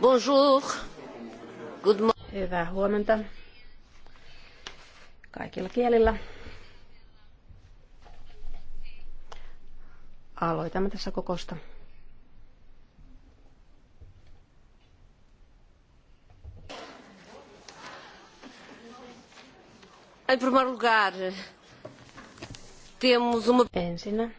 Bonjour. Good Hyvää huomenta kaikilla kielillä. Aloitamme tässä kokosta. Ensinnä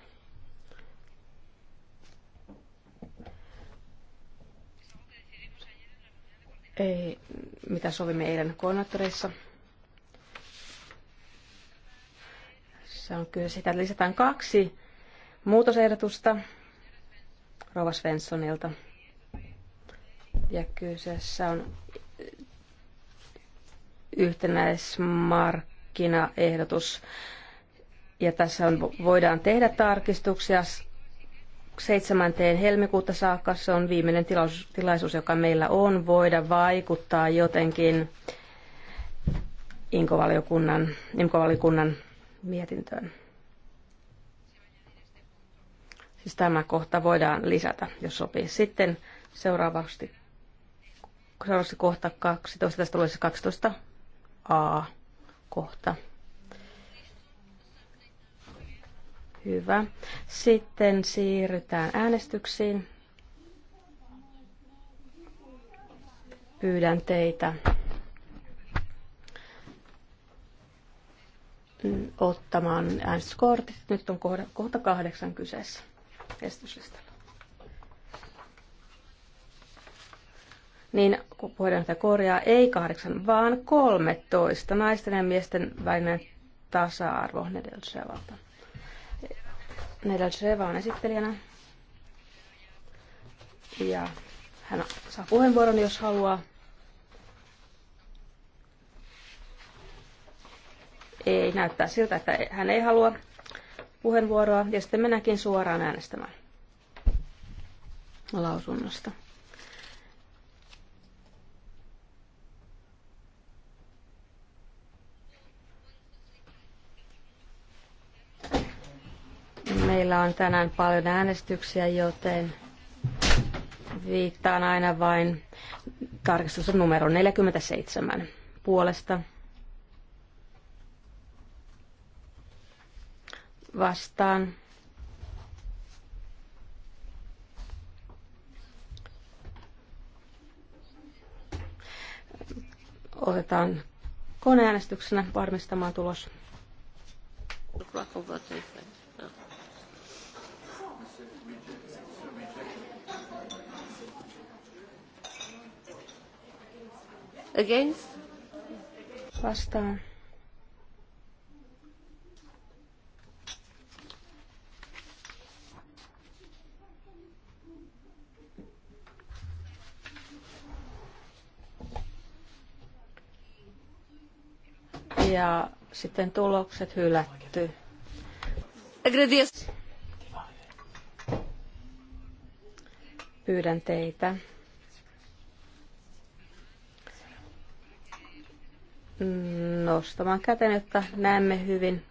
ei, mitä sovimme eilen koordinaattoreissa. Se on kyllä sitä, että lisätään kaksi muutosehdotusta Rova Svenssonilta. Ja kyseessä on yhtenäismarkkinaehdotus. Ja tässä on, voidaan tehdä tarkistuksia 7. helmikuuta saakka. Se on viimeinen tilaisuus, joka meillä on voida vaikuttaa jotenkin Inkovaliokunnan, valiokunnan mietintöön. Siis tämä kohta voidaan lisätä, jos sopii. Sitten seuraavaksi, seuraavaksi kohta 12. Tästä tulee 12a kohta. Hyvä. Sitten siirrytään äänestyksiin. Pyydän teitä ottamaan äänestyskortit. Nyt on kohta, kahdeksan kyseessä esityslistalla. Niin, kun puheenjohtaja korjaa, ei kahdeksan, vaan 13 naisten ja miesten välinen tasa-arvo Nedelsevalta. Meillä Treva on esittelijänä. Ja hän saa puheenvuoron, jos haluaa. Ei näyttää siltä, että hän ei halua puheenvuoroa. Ja sitten mennäänkin suoraan äänestämään lausunnosta. Meillä on tänään paljon äänestyksiä, joten viittaan aina vain tarkistus numero 47 puolesta. Vastaan. Otetaan koneäänestyksenä varmistamaan tulos. Ruokavoitetaan. Against? Vastaan. Ja sitten tulokset hylätty. Pyydän teitä nostamaan käteen, jotta näemme hyvin,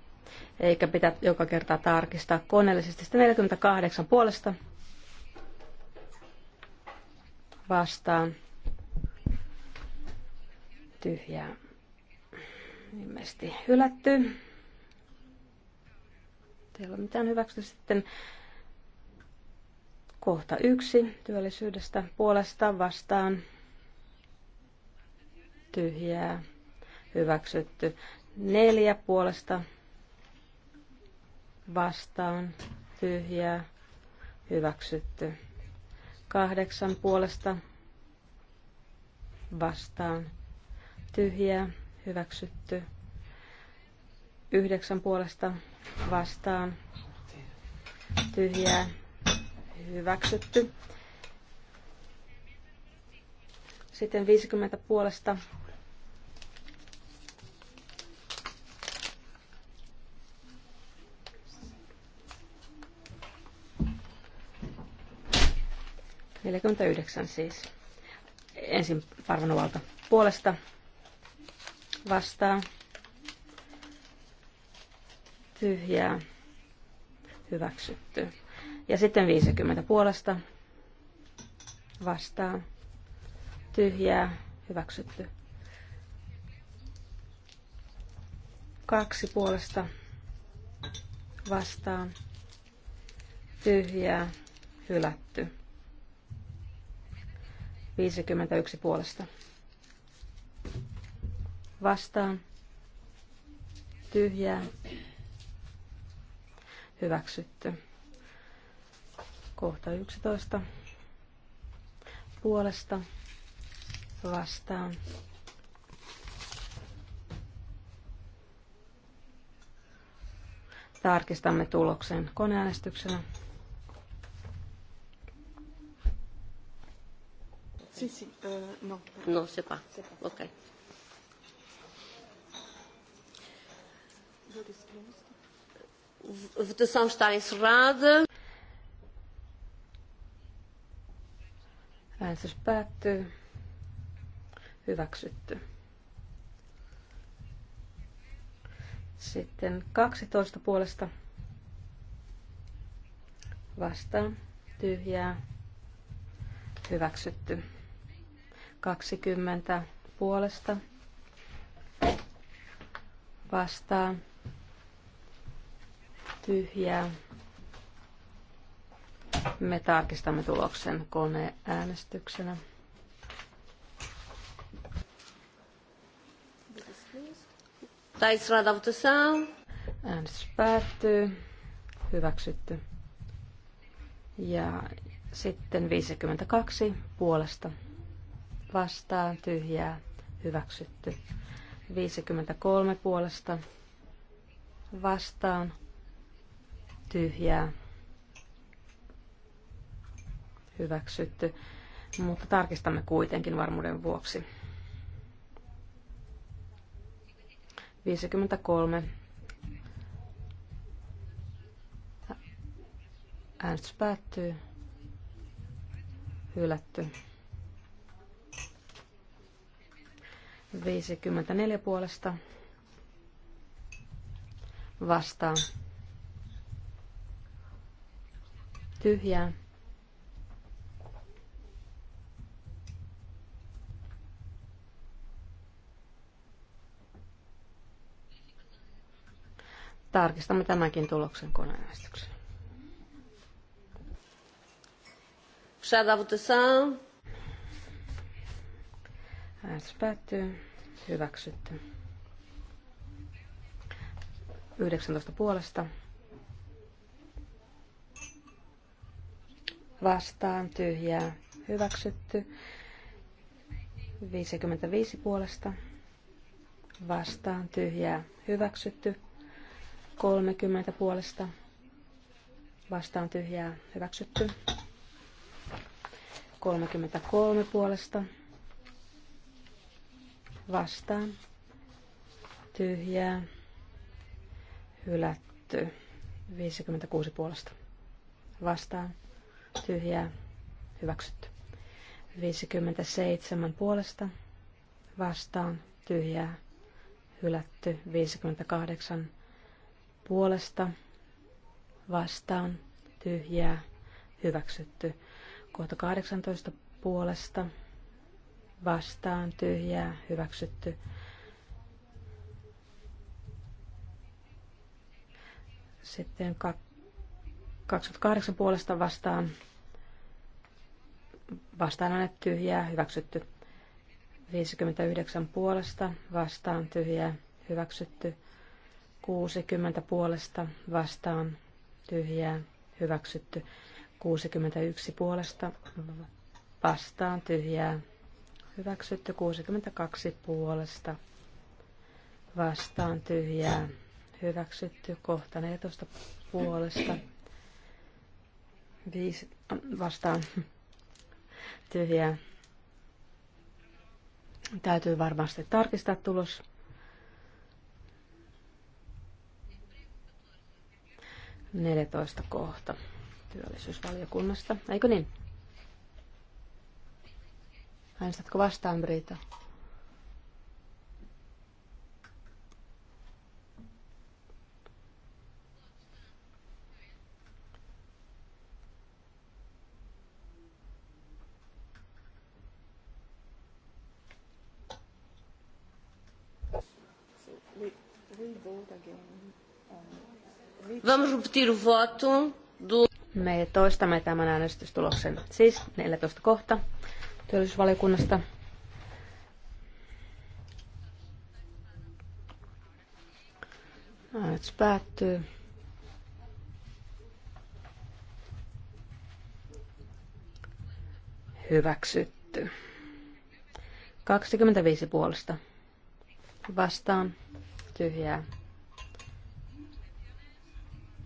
eikä pitää joka kerta tarkistaa koneellisesti. Sitten 48 puolesta vastaan tyhjää ilmeisesti hylätty. Teillä on mitään hyväksytty sitten kohta yksi työllisyydestä puolesta vastaan tyhjää hyväksytty. Neljä puolesta vastaan tyhjää hyväksytty. Kahdeksan puolesta vastaan tyhjää hyväksytty. Yhdeksän puolesta vastaan tyhjää hyväksytty. Sitten 50 puolesta 49 siis. Ensin parvanuvalta puolesta vastaa tyhjää hyväksytty. Ja sitten 50 puolesta vastaa tyhjää hyväksytty. Kaksi puolesta vastaan tyhjää hylätty. 51 puolesta. Vastaan. Tyhjää. Hyväksytty. Kohta 11. Puolesta. Vastaan. Tarkistamme tuloksen koneäänestyksenä. Si, si, euh, non. Non, c'est pas. pas. OK. Votação está encerrada. Äänestys Hyväksytty. Sitten 12 puolesta vastaan tyhjää hyväksytty. 20 puolesta vastaan tyhjää. Me tarkistamme tuloksen koneäänestyksenä. Äänestys päättyy. Hyväksytty. Ja sitten 52 puolesta vastaan tyhjää hyväksytty. 53 puolesta vastaan tyhjää hyväksytty, mutta tarkistamme kuitenkin varmuuden vuoksi. 53 äänestys päättyy. Hylätty. 54 puolesta vastaan. Tyhjää. Tarkistamme tämänkin tuloksen koneäänestyksen. Shadavutetaan. Äänestys päättyy. Hyväksytty. 19 puolesta. Vastaan tyhjää. Hyväksytty. 55 puolesta. Vastaan tyhjää. Hyväksytty. 30 puolesta. Vastaan tyhjää. Hyväksytty. 33 puolesta vastaan tyhjää hylätty 56 puolesta vastaan tyhjää hyväksytty 57 puolesta vastaan tyhjää hylätty 58 puolesta vastaan tyhjää hyväksytty kohta 18 puolesta vastaan tyhjää hyväksytty. Sitten 28 puolesta vastaan vastaan annettu tyhjää hyväksytty. 59 puolesta vastaan tyhjää hyväksytty. 60 puolesta vastaan tyhjää hyväksytty. 61 puolesta vastaan tyhjää Hyväksytty 62 puolesta. Vastaan tyhjää. Hyväksytty kohta 14 puolesta. Viisi, vastaan tyhjää. Täytyy varmasti tarkistaa tulos. Neljätoista kohta työllisyysvaliokunnasta, eikö niin? Äänestätkö vastaan, Brita? Vamos repetir o voto do... Me toistamme tämän äänestystuloksen. Siis 14 kohta työllisyysvaliokunnasta. Äänestys päättyy. Hyväksytty. 25 puolesta. Vastaan. Tyhjää.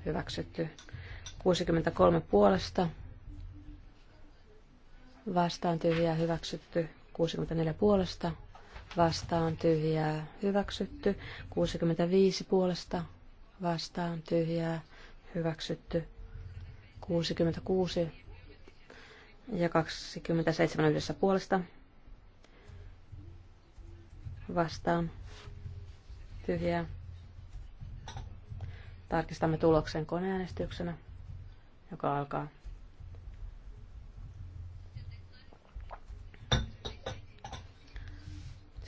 Hyväksytty. 63 puolesta vastaan tyhjää hyväksytty 64 puolesta, vastaan tyhjää hyväksytty 65 puolesta, vastaan tyhjää hyväksytty 66 ja 27 yhdessä puolesta vastaan tyhjää. Tarkistamme tuloksen koneäänestyksenä, joka alkaa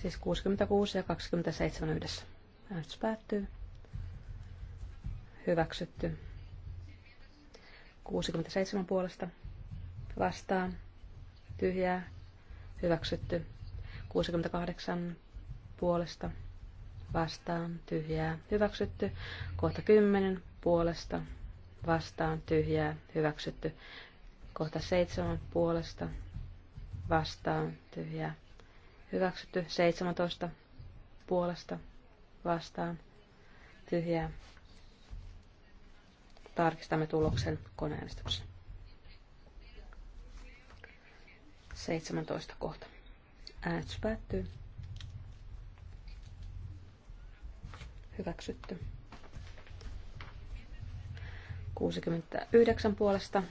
Siis 66 ja 27 yhdessä. Äänestys päättyy. Hyväksytty. 67 puolesta. Vastaan. Tyhjää. Hyväksytty. 68 puolesta. Vastaan. Tyhjää. Hyväksytty. Kohta 10 puolesta. Vastaan. Tyhjää. Hyväksytty. Kohta 7 puolesta. Vastaan. Tyhjää Hyväksytty 17 puolesta vastaan tyhjää. Tarkistamme tuloksen koneäänestyksen. 17 kohta. Äänestys päättyy. Hyväksytty. 69 puolesta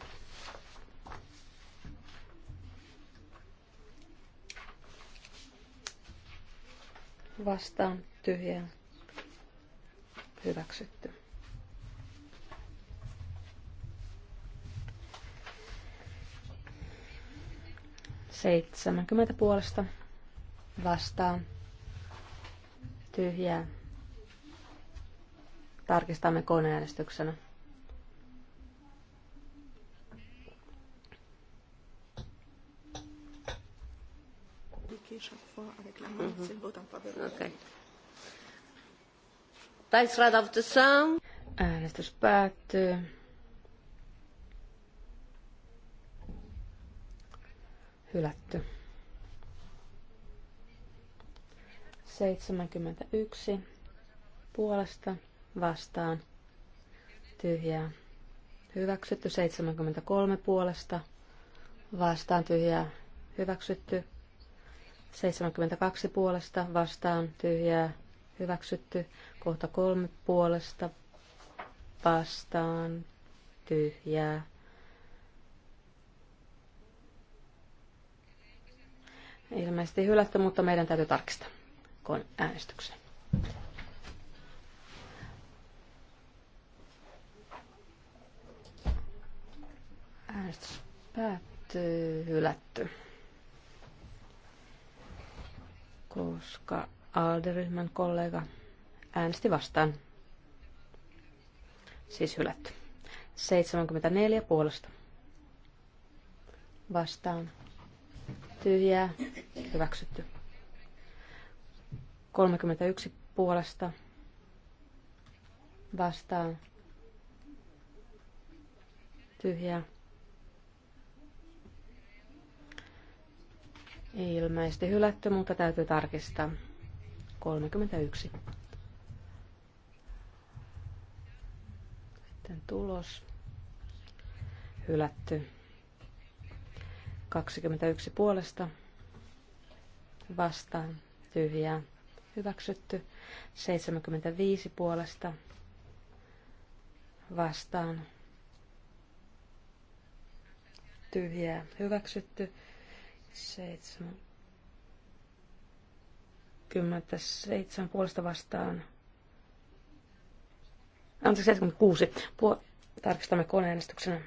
vastaan tyhjään hyväksytty. Seitsemänkymmentä puolesta vastaan tyhjää. Tarkistamme koneäänestyksenä. chaque fois avec la main, mm-hmm. c'est le vote en faveur. Okay. Äänestys päättyy. Hylätty. 71 puolesta vastaan tyhjää. Hyväksytty 73 puolesta vastaan tyhjää. Hyväksytty 72 puolesta vastaan tyhjää hyväksytty. Kohta kolme puolesta vastaan tyhjää. Ilmeisesti hylätty, mutta meidän täytyy tarkistaa kun äänestyksen. Äänestys päättyy, hylätty koska Alderyhmän kollega äänesti vastaan. Siis hylätty. 74 puolesta. Vastaan. Tyhjää. Hyväksytty. 31 puolesta. Vastaan. Tyhjää. Ilmeisesti hylätty, mutta täytyy tarkistaa. 31. Sitten tulos. Hylätty. 21 puolesta. Vastaan. Tyhjää. Hyväksytty. 75 puolesta. Vastaan. Tyhjää. Hyväksytty. 77 puolesta vastaan. Anteeksi, 76. Puo- tarkistamme koneäänestyksenä.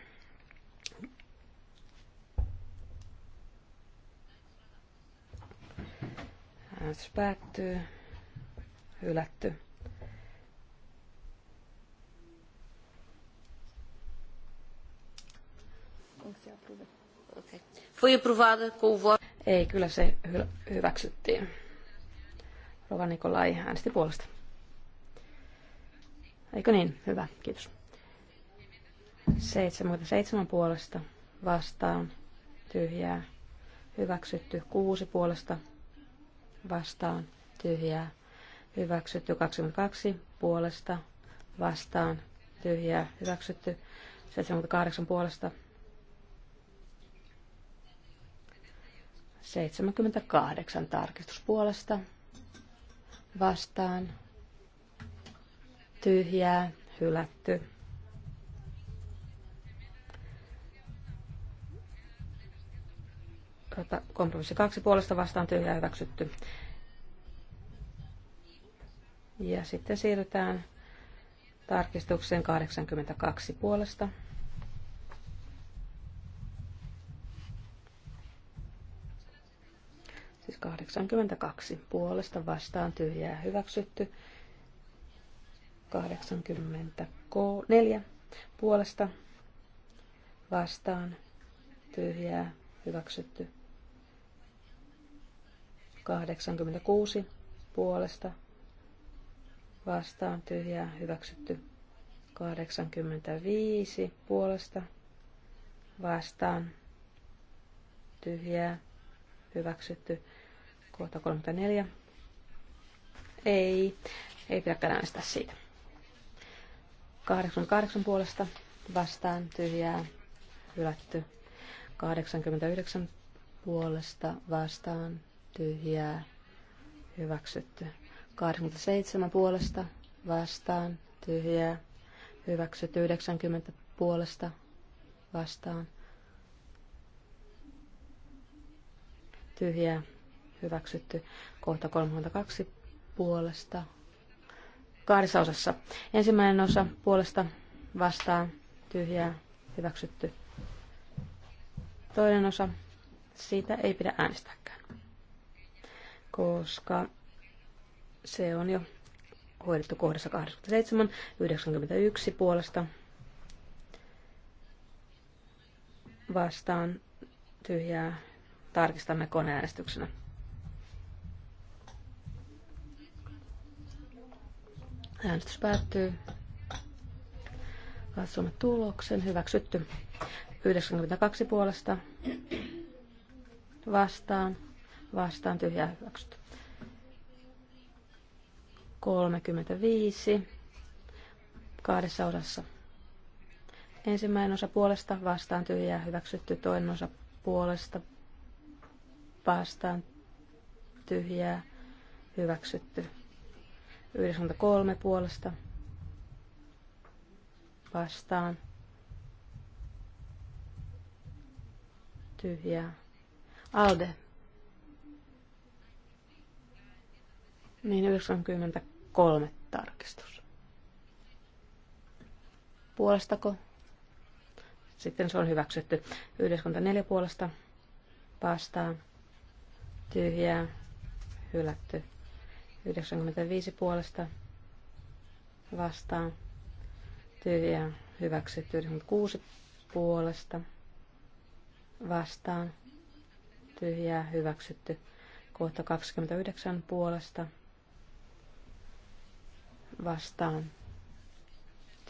Äänestys päättyy. Hylätty. Foi aprovada com o voto. Ei, kyllä se hyväksyttiin. Rova Nikolai äänesti puolesta. Eikö niin? Hyvä, kiitos. 77 puolesta vastaan tyhjää. Hyväksytty 6 puolesta vastaan tyhjää. Hyväksytty 22 puolesta vastaan tyhjää. Hyväksytty 78 puolesta 78 tarkistuspuolesta vastaan tyhjää hylätty. Kompromissi kaksi puolesta vastaan tyhjää hyväksytty. Ja sitten siirrytään tarkistukseen 82 puolesta Siis 82 puolesta vastaan tyhjää hyväksytty. 84 puolesta vastaan tyhjää hyväksytty. 86 puolesta vastaan tyhjää hyväksytty. 85 puolesta vastaan tyhjää hyväksytty. Kohta 34. Ei. Ei pidäkään äänestää siitä. 88 puolesta vastaan tyhjää hylätty. 89 puolesta vastaan tyhjää hyväksytty. 87 puolesta vastaan tyhjää hyväksytty. 90 puolesta vastaan tyhjää hyväksytty kohta 32 puolesta kahdessa osassa. Ensimmäinen osa puolesta vastaan tyhjää hyväksytty. Toinen osa, siitä ei pidä äänestääkään, koska se on jo hoidettu kohdassa 87, 91 puolesta vastaan tyhjää tarkistamme koneäänestyksenä. Äänestys päättyy. Katsomme tuloksen. Hyväksytty. 92 puolesta. Vastaan. Vastaan tyhjää hyväksytty. 35. Kahdessa osassa. Ensimmäinen osa puolesta vastaan tyhjää hyväksytty. Toinen osa puolesta vastaan tyhjää hyväksytty. 93 puolesta vastaan. Tyhjää. Alde. Niin 93 tarkistus. Puolestako? Sitten se on hyväksytty. 94 puolesta vastaan. Tyhjää. Hylätty. 95 puolesta vastaan. Tyhjä hyväksytty 96 puolesta vastaan. Tyhjää hyväksytty kohta 29 puolesta vastaan.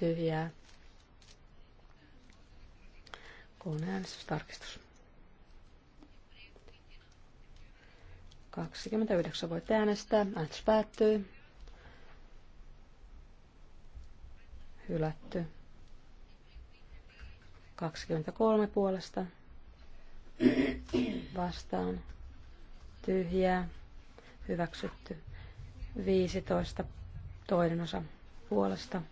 Tyhjää. tarkistus. 29 voit äänestää. Äänestys päättyy. Hylätty. 23 puolesta. Vastaan. Tyhjää. Hyväksytty. 15 toinen osa puolesta.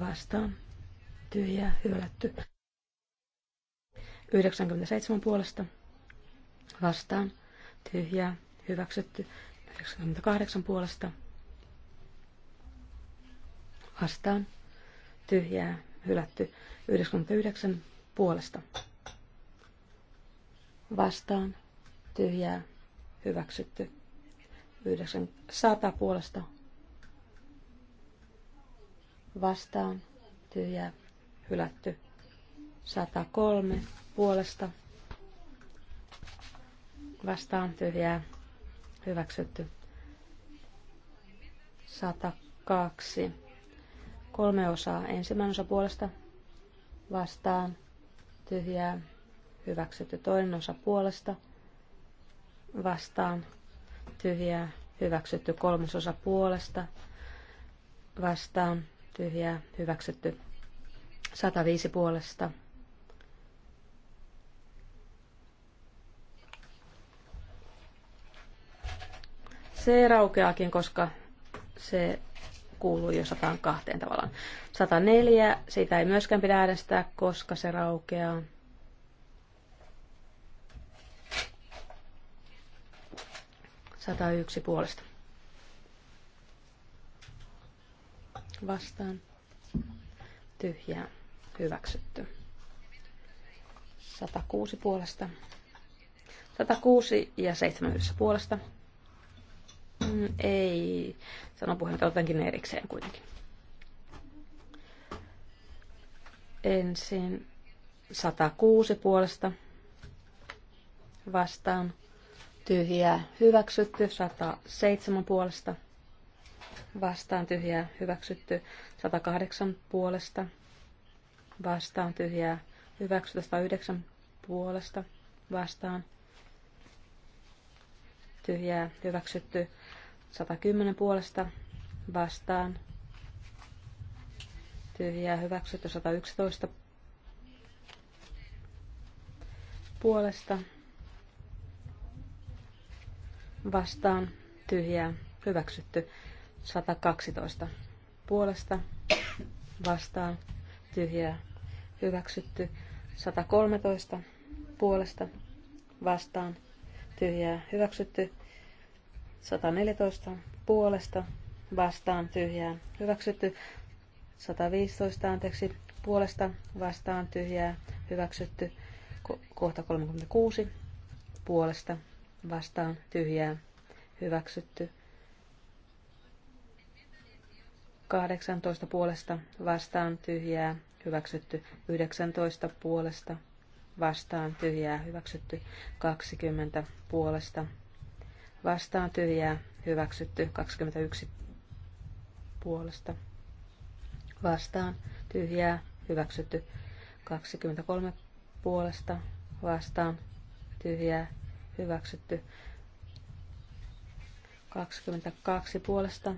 Vastaan. Tyhjää. Hylätty. 97 puolesta. Vastaan tyhjää, hyväksytty. 98 puolesta vastaan, tyhjää, hylätty. 99 puolesta vastaan, tyhjää, hyväksytty. 900 puolesta vastaan, tyhjää, hylätty. 103 puolesta vastaan tyhjää hyväksytty. 102. Kolme osaa. Ensimmäinen osa puolesta vastaan tyhjää hyväksytty. Toinen osa puolesta vastaan tyhjää hyväksytty. Kolmas osa puolesta vastaan tyhjää hyväksytty. 105 puolesta Se raukeakin, koska se kuuluu jo 102 tavallaan. 104, sitä ei myöskään pidä äänestää, koska se raukeaa. Sata yksi puolesta. Vastaan. Tyhjää. Hyväksytty. 106 puolesta. 106 ja 7 puolesta Mm, ei, sanon puheenjohtaja jotenkin erikseen kuitenkin. Ensin 106 puolesta vastaan tyhjää hyväksytty, 107 puolesta vastaan tyhjää hyväksytty, 108 puolesta vastaan tyhjää hyväksytty, 109 puolesta vastaan tyhjää hyväksytty, 110 puolesta vastaan. Tyhjää hyväksytty 111 puolesta vastaan. Tyhjää hyväksytty 112 puolesta vastaan. Tyhjää hyväksytty 113 puolesta vastaan. Tyhjää hyväksytty 114 puolesta vastaan tyhjää hyväksytty. 115 anteeksi puolesta vastaan tyhjää hyväksytty. Kohta 36 puolesta vastaan tyhjää hyväksytty. 18 puolesta vastaan tyhjää hyväksytty. 19 puolesta vastaan tyhjää hyväksytty. 20 puolesta vastaan tyhjää hyväksytty 21 puolesta vastaan tyhjää hyväksytty 23 puolesta vastaan tyhjää hyväksytty 22 puolesta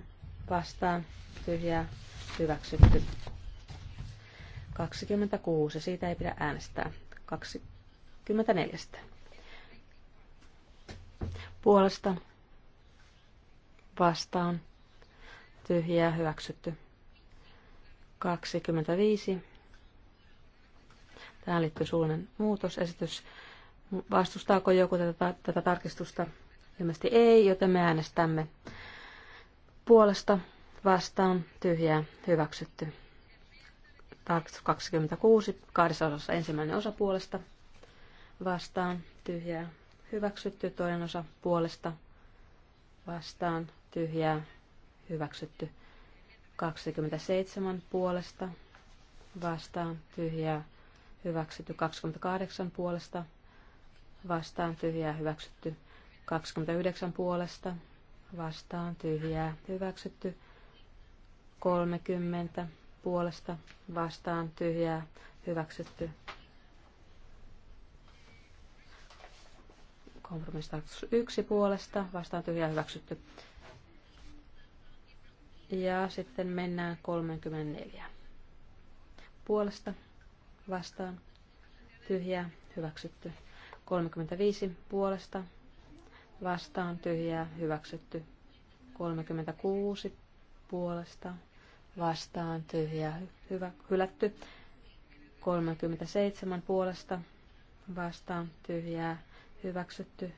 vastaan tyhjää hyväksytty 26 siitä ei pidä äänestää 24 puolesta vastaan tyhjää hyväksytty. 25. Tähän liittyy suullinen muutosesitys. Vastustaako joku tätä, tätä tarkistusta? Ilmeisesti ei, joten me äänestämme puolesta vastaan tyhjää hyväksytty. Tarkistus 26, kahdessa osassa ensimmäinen osa puolesta vastaan tyhjää hyväksytty, toinen osa puolesta vastaan tyhjää hyväksytty. 27 puolesta vastaan tyhjää hyväksytty. 28 puolesta vastaan tyhjää hyväksytty. 29 puolesta vastaan tyhjää hyväksytty. 30 puolesta vastaan tyhjää hyväksytty. Kompromissitarkistus yksi puolesta, vastaan tyhjää hyväksytty. Ja sitten mennään 34. Puolesta, vastaan, tyhjää, hyväksytty. 35 puolesta, vastaan, tyhjää, hyväksytty. 36 puolesta, vastaan, tyhjää, hyvä, hylätty. 37 puolesta, vastaan, tyhjää, hyväksytty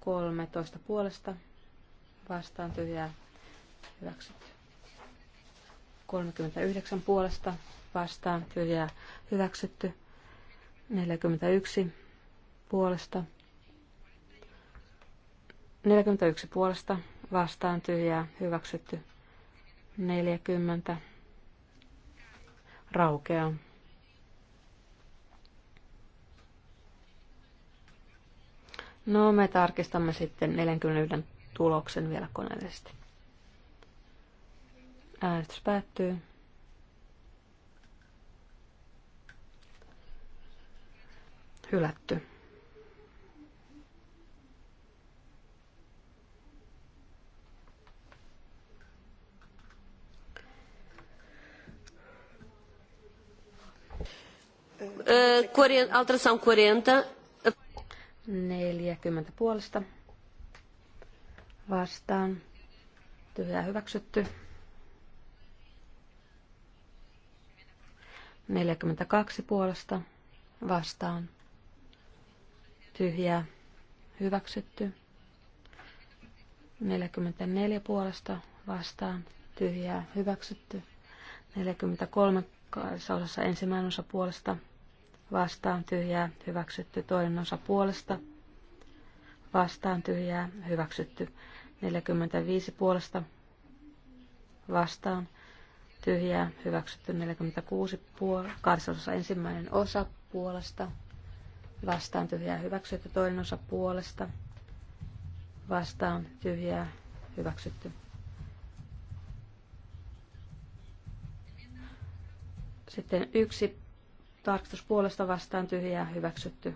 13 puolesta vastaan tyhjää hyväksytty 39 puolesta vastaan tyhjää hyväksytty 41 puolesta 41 puolesta vastaan tyhjää hyväksytty 40 raukeaa No, me tarkistamme sitten 41 tuloksen vielä koneellisesti. Äänestys päättyy. Hylätty. Eh, alteração 40 40 puolesta vastaan. tyhjä hyväksytty. 42 puolesta vastaan. tyhjä hyväksytty. 44 puolesta vastaan. Tyhjää hyväksytty. 43 osassa ensimmäinen osa puolesta vastaan tyhjää hyväksytty toinen osa puolesta, vastaan tyhjää hyväksytty 45 puolesta, vastaan tyhjää hyväksytty 46 puolesta, kahdeksasosa ensimmäinen osa puolesta, vastaan tyhjää hyväksytty toinen osa puolesta, vastaan tyhjää hyväksytty. Sitten yksi Tarkistus puolesta vastaan tyhjää hyväksytty.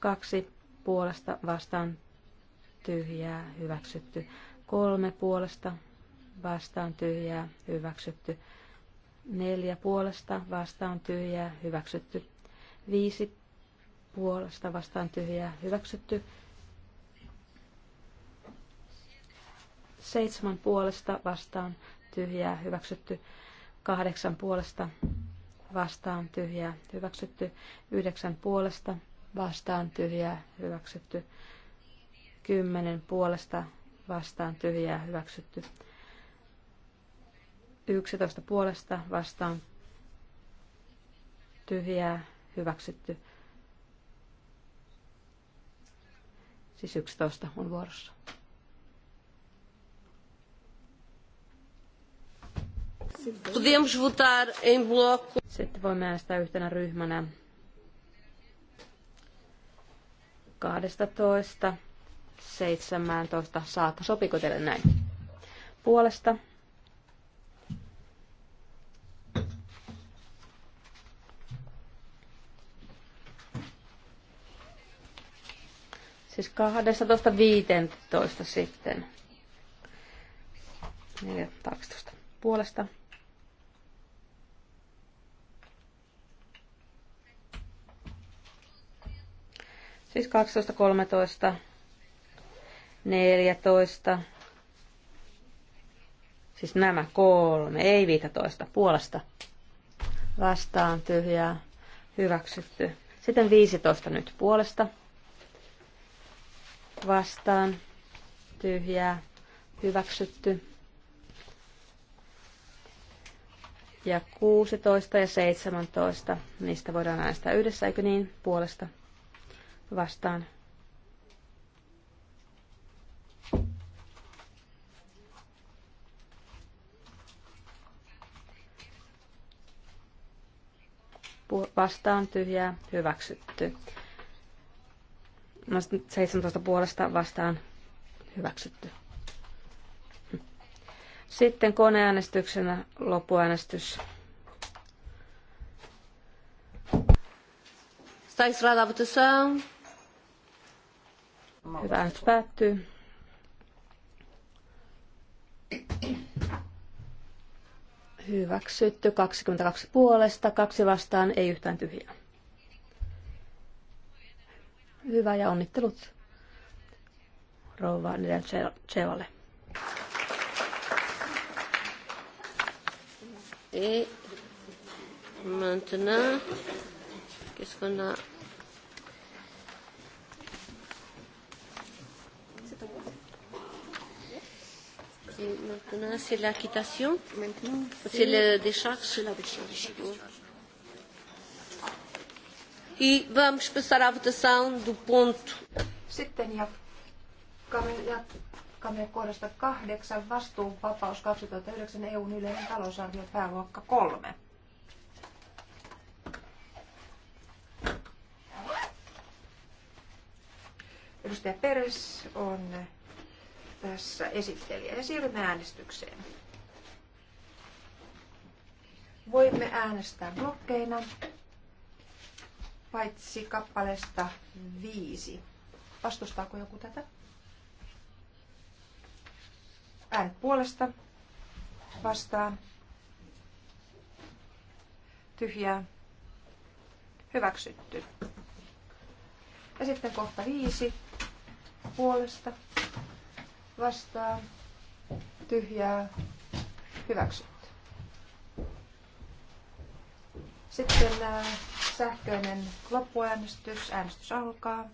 Kaksi puolesta vastaan tyhjää hyväksytty. Kolme puolesta vastaan tyhjää hyväksytty. Neljä puolesta vastaan tyhjää hyväksytty. Viisi puolesta vastaan tyhjää hyväksytty. Seitsemän puolesta vastaan tyhjää hyväksytty. Kahdeksan puolesta vastaan tyhjää hyväksytty, yhdeksän puolesta vastaan tyhjää hyväksytty, kymmenen puolesta vastaan tyhjää hyväksytty, yksitoista puolesta vastaan tyhjää hyväksytty. Siis yksitoista on vuorossa. Podemos votar em bloco. Sitten voimme äänestää yhtenä ryhmänä 12, 17 saakka. Sopiko teille näin? Puolesta. Siis 12, 15 sitten. 14, 12. puolesta. Siis 12, 13, 14, siis nämä kolme, ei 15, puolesta vastaan tyhjää, hyväksytty. Sitten 15 nyt puolesta vastaan tyhjää, hyväksytty. Ja 16 ja 17, niistä voidaan äänestää yhdessä, eikö niin, puolesta vastaan. Vastaan tyhjää, hyväksytty. No 17 puolesta vastaan hyväksytty. Sitten koneäänestyksenä lopuäänestys. Está encerrada a Hyvä nyt päättyy. Hyväksytty 22 puolesta, kaksi vastaan, ei yhtään tyhjää. Hyvä ja onnittelut rouva Cevalle. Et maintenant, qu'est-ce qu'on a Maintenant, c'est la quittation. Maintenant, c'est la décharge. C'est la décharge. E vamos passar à votação do ponto. Sitten jatkamme, kohdasta kahdeksan vastuunvapaus 2009 EUn yleinen talousarvio pääluokka kolme. Edustaja Peres on tässä esittelijä. Ja siirrymme äänestykseen. Voimme äänestää blokkeina, paitsi kappaleesta viisi. Vastustaako joku tätä? Äänet puolesta, vastaan, tyhjää, hyväksytty. Ja sitten kohta viisi puolesta, vastaan, tyhjää, hyväksytty. Sitten äh, sähköinen loppuäänestys, äänestys alkaa.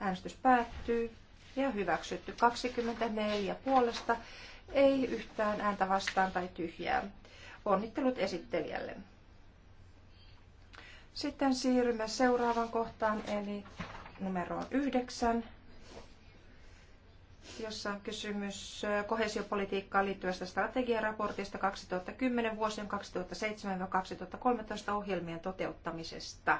Äänestys päättyy ja hyväksytty 24 puolesta, ei yhtään ääntä vastaan tai tyhjää. Onnittelut esittelijälle. Sitten siirrymme seuraavaan kohtaan, eli numeroon yhdeksän, jossa on kysymys kohesiopolitiikkaan liittyvästä strategiaraportista 2010 vuosien 2007-2013 ohjelmien toteuttamisesta.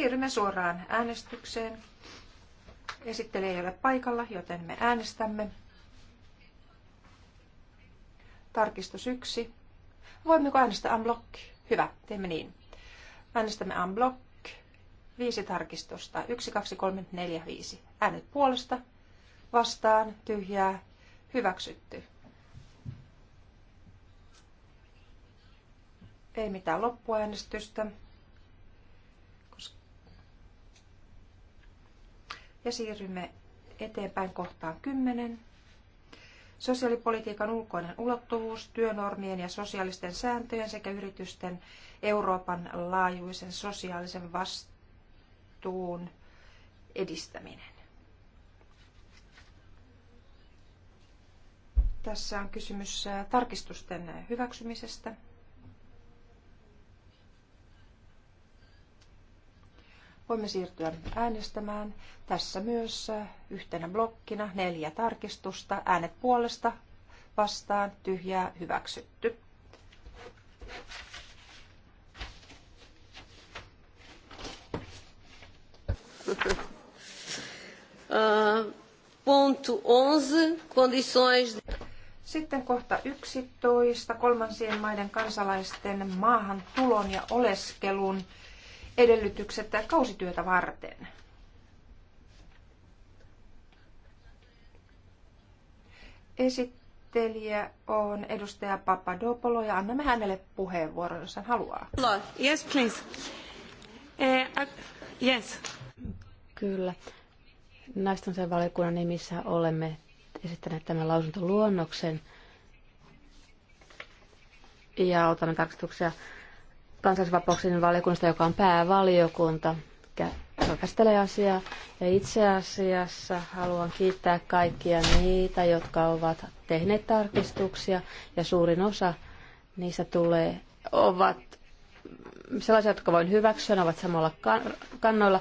Siirrymme suoraan äänestykseen. Esittelijä ei ole paikalla, joten me äänestämme. Tarkistus 1. Voimmeko äänestää unblock? Hyvä, teemme niin. Äänestämme unblock. Viisi tarkistusta. 1, 2, 3, 4, 5. Äänet puolesta. Vastaan. Tyhjää. Hyväksytty. Ei mitään loppuäänestystä. ja siirrymme eteenpäin kohtaan 10. Sosiaalipolitiikan ulkoinen ulottuvuus, työnormien ja sosiaalisten sääntöjen sekä yritysten Euroopan laajuisen sosiaalisen vastuun edistäminen. Tässä on kysymys tarkistusten hyväksymisestä. Voimme siirtyä äänestämään. Tässä myös äh, yhtenä blokkina neljä tarkistusta. Äänet puolesta, vastaan, tyhjää, hyväksytty. Uh, ponto 11, condições sitten kohta 11. Kolmansien maiden kansalaisten maahantulon ja oleskelun edellytykset kausityötä varten. Esittelijä on edustaja Papadopolo ja annamme hänelle puheenvuoron, jos hän haluaa. Yes, please. Uh, yes. Kyllä. Naisten valiokunnan nimissä olemme esittäneet tämän lausuntoluonnoksen ja otamme tarkistuksia kansallisvapauksien valiokunnasta, joka on päävaliokunta, joka käsittelee asiaa. Ja itse asiassa haluan kiittää kaikkia niitä, jotka ovat tehneet tarkistuksia ja suurin osa niistä tulee, ovat sellaisia, jotka voin hyväksyä, ne ovat samalla kannoilla.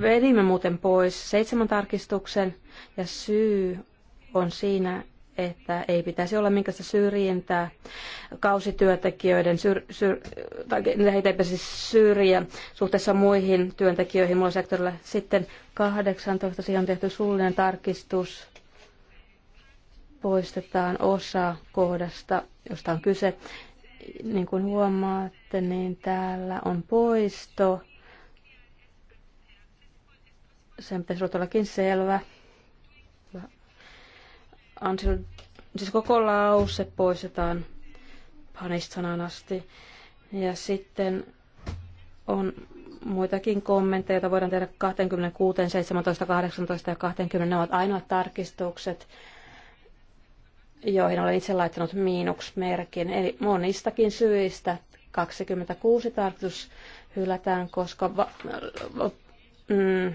Vedimme muuten pois seitsemän tarkistuksen ja syy on siinä, että ei pitäisi olla minkäänlaista syrjintää kausityöntekijöiden, syr, syr, tai heitä ei pitäisi syrjiä suhteessa muihin työntekijöihin muilla sektorilla. Sitten 18, siihen on tehty suullinen tarkistus, poistetaan osa kohdasta, josta on kyse. Niin kuin huomaatte, niin täällä on poisto. Sen pitäisi olla selvä. Until, siis koko lause poistetaan panist sanan asti. Ja sitten on muitakin kommentteja, joita voidaan tehdä 26, 17, 18 ja 20. Ne ovat ainoat tarkistukset, joihin olen itse laittanut miinusmerkin. Eli monistakin syistä 26 tarkistus hylätään, koska va- mm,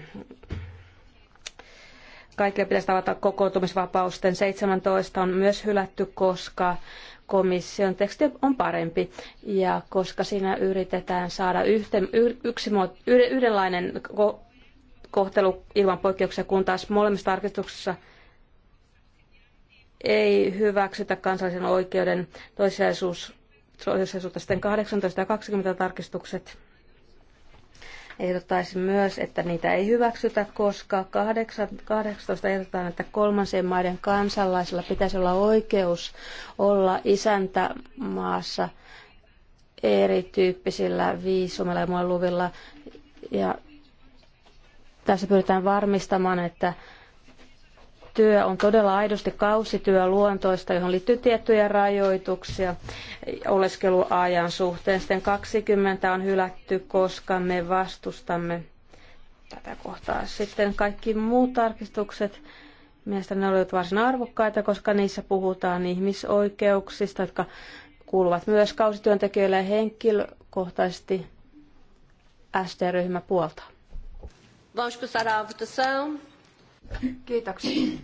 kaikille pitäisi avata kokoontumisvapausten. 17 on myös hylätty, koska komission teksti on parempi ja koska siinä yritetään saada yhten, yksi, yhdenlainen kohtelu ilman poikkeuksia, kun taas molemmissa tarkistuksissa ei hyväksytä kansallisen oikeuden toissijaisuus, toissijaisuutta sitten 18 ja 20 tarkistukset. Ehdottaisin myös, että niitä ei hyväksytä, koska 18 ehdotetaan, että kolmansien maiden kansalaisilla pitäisi olla oikeus olla isäntämaassa erityyppisillä viisumilla ja muilla luvilla. Ja tässä pyritään varmistamaan, että työ on todella aidosti kausityöluontoista, johon liittyy tiettyjä rajoituksia oleskeluajan suhteen. Sitten 20 on hylätty, koska me vastustamme tätä kohtaa. Sitten kaikki muut tarkistukset, mielestäni ne olivat varsin arvokkaita, koska niissä puhutaan ihmisoikeuksista, jotka kuuluvat myös kausityöntekijöille ja henkilökohtaisesti SD-ryhmä puolta. Vamos passar à votação. Kiitoksia.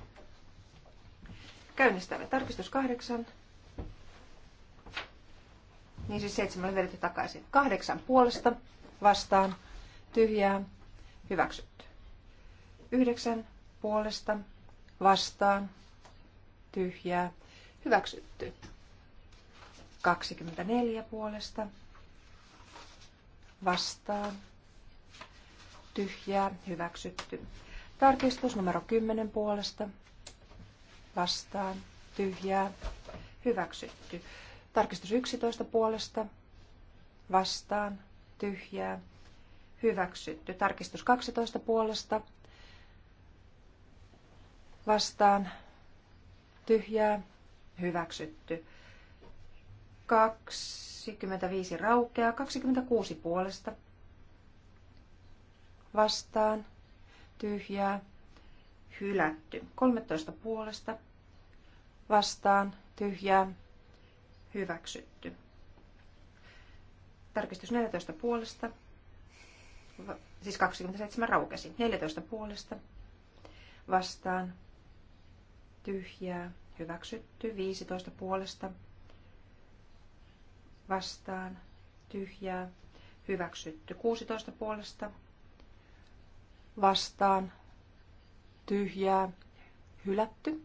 Käynnistämme tarkistus kahdeksan. Niin siis seitsemän vedetty takaisin. Kahdeksan puolesta vastaan tyhjää hyväksytty. Yhdeksän puolesta vastaan tyhjää hyväksytty. 24 puolesta vastaan tyhjää hyväksytty. Tarkistus numero 10 puolesta. Vastaan. Tyhjää. Hyväksytty. Tarkistus 11 puolesta. Vastaan. Tyhjää. Hyväksytty. Tarkistus 12 puolesta. Vastaan. Tyhjää. Hyväksytty. 25 raukeaa. 26 puolesta. Vastaan tyhjää, hylätty. 13 puolesta vastaan, tyhjää, hyväksytty. Tarkistus 14 puolesta, siis 27 raukesi. 14 puolesta vastaan, tyhjää, hyväksytty. 15 puolesta vastaan, tyhjää, hyväksytty. 16 puolesta vastaan, tyhjää, hylätty.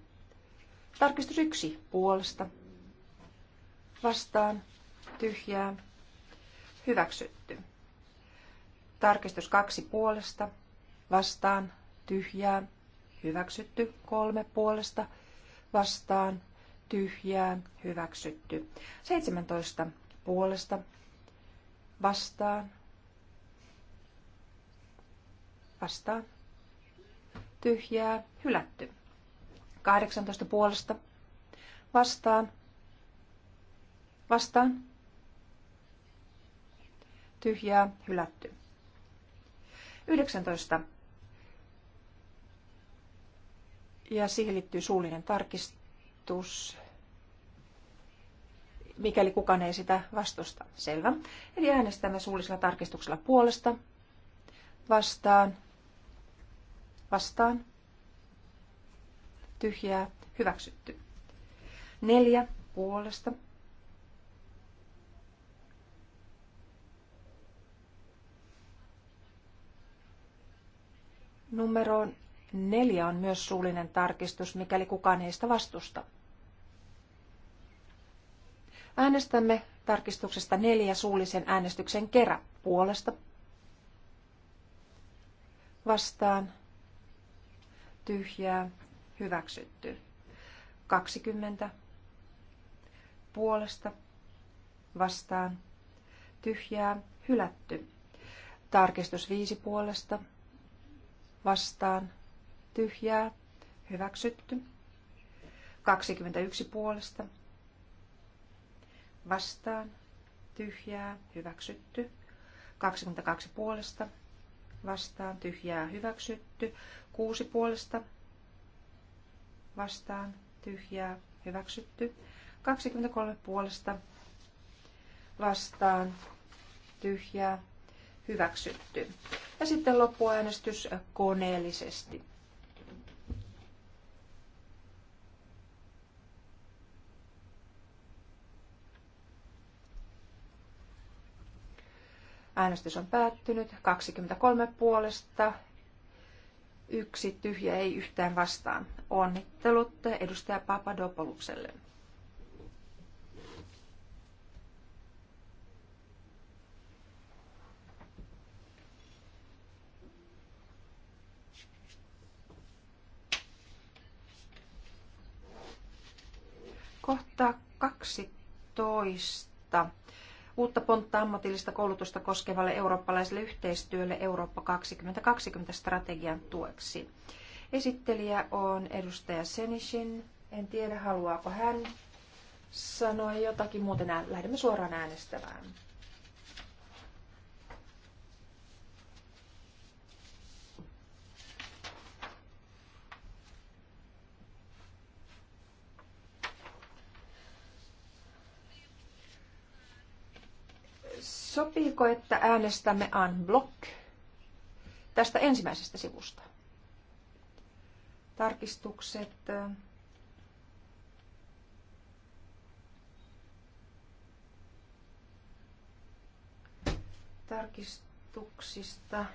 Tarkistus yksi puolesta, vastaan, tyhjää, hyväksytty. Tarkistus kaksi puolesta, vastaan, tyhjää, hyväksytty. Kolme puolesta, vastaan, tyhjää, hyväksytty. 17 puolesta, vastaan, vastaan tyhjää hylätty. 18 puolesta vastaan vastaan tyhjää hylätty. 19 ja siihen liittyy suullinen tarkistus, mikäli kukaan ei sitä vastusta. Selvä. Eli äänestämme suullisella tarkistuksella puolesta, vastaan, vastaan, tyhjää, hyväksytty. Neljä puolesta. numero neljä on myös suullinen tarkistus, mikäli kukaan heistä vastusta. Äänestämme tarkistuksesta neljä suullisen äänestyksen kerran puolesta. Vastaan tyhjää, hyväksytty. 20 puolesta vastaan tyhjää, hylätty. Tarkistus 5 puolesta vastaan tyhjää, hyväksytty. 21 puolesta vastaan tyhjää, hyväksytty. 22 puolesta vastaan, vastaan tyhjää hyväksytty. Kuusi puolesta vastaan tyhjää hyväksytty. 23 puolesta vastaan tyhjää hyväksytty. Ja sitten loppuäänestys koneellisesti. Äänestys on päättynyt. 23 puolesta, yksi tyhjä ei yhtään vastaan. Onnittelut edustaja Papadopoulukselle. Kohta 12 uutta pontta ammatillista koulutusta koskevalle eurooppalaiselle yhteistyölle Eurooppa 2020 strategian tueksi. Esittelijä on edustaja Senishin. En tiedä, haluaako hän sanoa jotakin, muuten lähdemme suoraan äänestämään. Sopiiko, että äänestämme unblock tästä ensimmäisestä sivusta? Tarkistukset. Tarkistuksista.